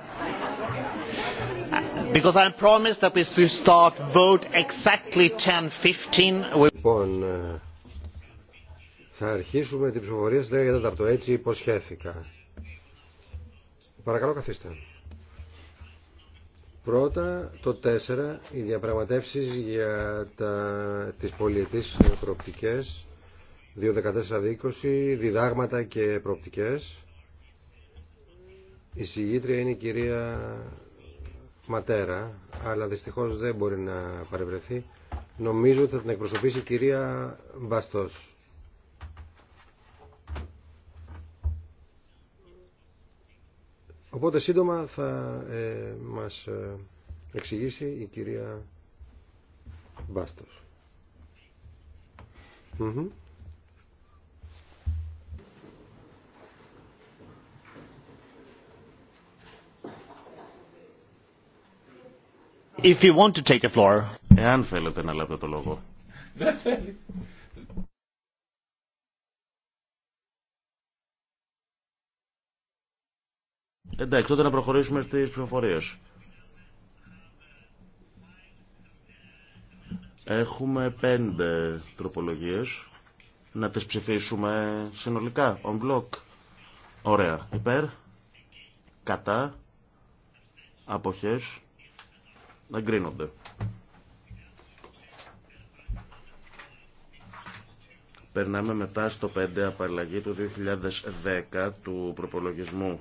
because I promised that we start vote 10:15. Λοιπόν, ε, θα αρχίσουμε την ψηφοφορία στις 10.15, έτσι υποσχέθηκα. Παρακαλώ καθίστε. Πρώτα το 4, οι διαπραγματεύσεις για τα, τις πολιτικές προοπτικες 2.14.20, διδάγματα και προοπτικές. Η συγγήτρια είναι η κυρία Ματέρα, αλλά δυστυχώς δεν μπορεί να παρευρεθεί. Νομίζω ότι θα την εκπροσωπήσει η κυρία Μπαστός. Οπότε σύντομα θα ε, μας ε, εξηγήσει η κυρία Μπάστος. If you want to take the floor. Εάν θέλετε να λάβετε το λόγο. Δεν θέλει. Εντάξει, τότε να προχωρήσουμε στις πληροφορίες Έχουμε πέντε τροπολογίες. Να τις ψηφίσουμε συνολικά, on block. Ωραία. Υπέρ, κατά, αποχές, να γκρίνονται. Περνάμε μετά στο 5 απαλλαγή του 2010 του προπολογισμού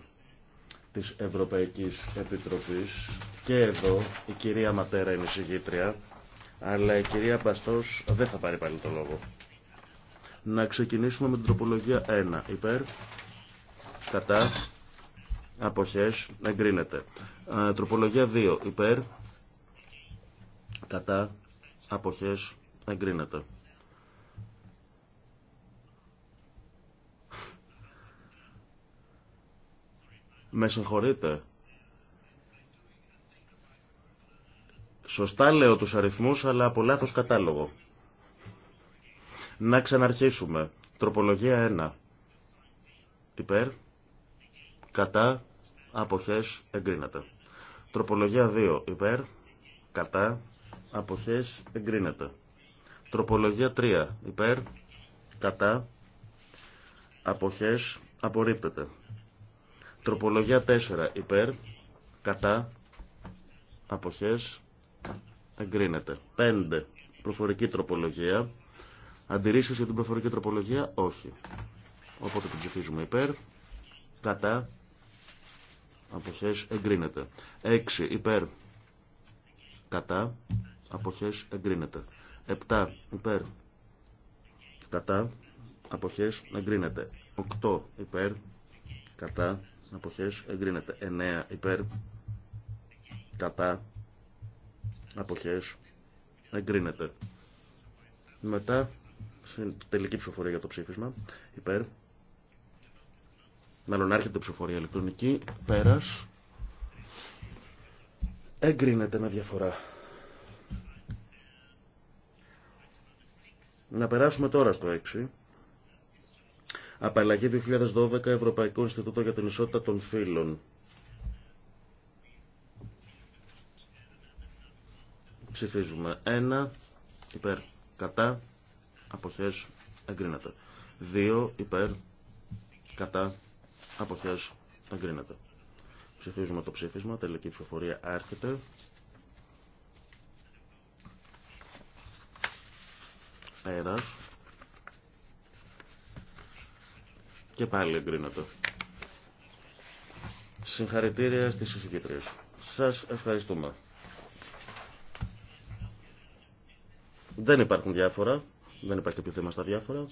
της Ευρωπαϊκής Επιτροπής και εδώ η κυρία Ματέρα είναι συγγήτρια αλλά η κυρία Μπαστός δεν θα πάρει πάλι το λόγο. Να ξεκινήσουμε με την τροπολογία 1. Υπέρ, κατά, αποχές, εγκρίνεται. τροπολογία 2. Υπέρ, κατά αποχές εγκρίνεται. Με συγχωρείτε. Σωστά λέω τους αριθμούς, αλλά από λάθος κατάλογο. Να ξαναρχίσουμε. Τροπολογία 1. Υπέρ. Κατά. Αποχές. Εγκρίνεται. Τροπολογία 2. Υπέρ. Κατά αποχές εγκρίνεται. Τροπολογία 3 υπέρ, κατά, αποχές απορρίπτεται. Τροπολογία 4 υπέρ, κατά, αποχές εγκρίνεται. 5 προφορική τροπολογία. Αντιρρήσεις για την προφορική τροπολογία, όχι. Οπότε την ψηφίζουμε υπέρ, κατά, αποχές εγκρίνεται. 6 υπέρ, κατά, αποχές εγκρίνεται. 7 υπέρ κατά αποχές εγκρίνεται. 8 υπέρ κατά αποχές εγκρίνεται. 9 υπέρ κατά αποχές εγκρίνεται. Μετά τελική ψηφοφορία για το ψήφισμα υπέρ μέλλον άρχεται η ψηφοφορία ηλεκτρονική. Πέρας. Εγκρίνεται με διαφορά. Να περάσουμε τώρα στο 6. Απαλλαγή 2012 Ευρωπαϊκό Ινστιτούτο για την Ισότητα των Φύλων. Ψηφίζουμε 1 υπέρ κατά αποχές εγκρίνεται. 2 υπέρ κατά αποχές εγκρίνεται. Ψηφίζουμε το ψήφισμα. Τελική ψηφοφορία άρχεται. Και πάλι το. Συγχαρητήρια στις συγκεκριές Σας ευχαριστούμε. Δεν υπάρχουν διάφορα. Δεν υπάρχει επιθέμα στα διάφορα.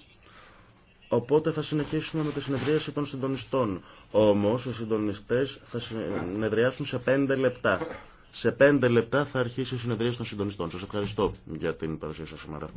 Οπότε θα συνεχίσουμε με τη συνεδρίαση των συντονιστών. Όμως οι συντονιστές θα συνεδριάσουν σε 5 λεπτά. Σε πέντε λεπτά θα αρχίσει η συνεδρίαση των συντονιστών. Σας ευχαριστώ για την παρουσία σας σήμερα.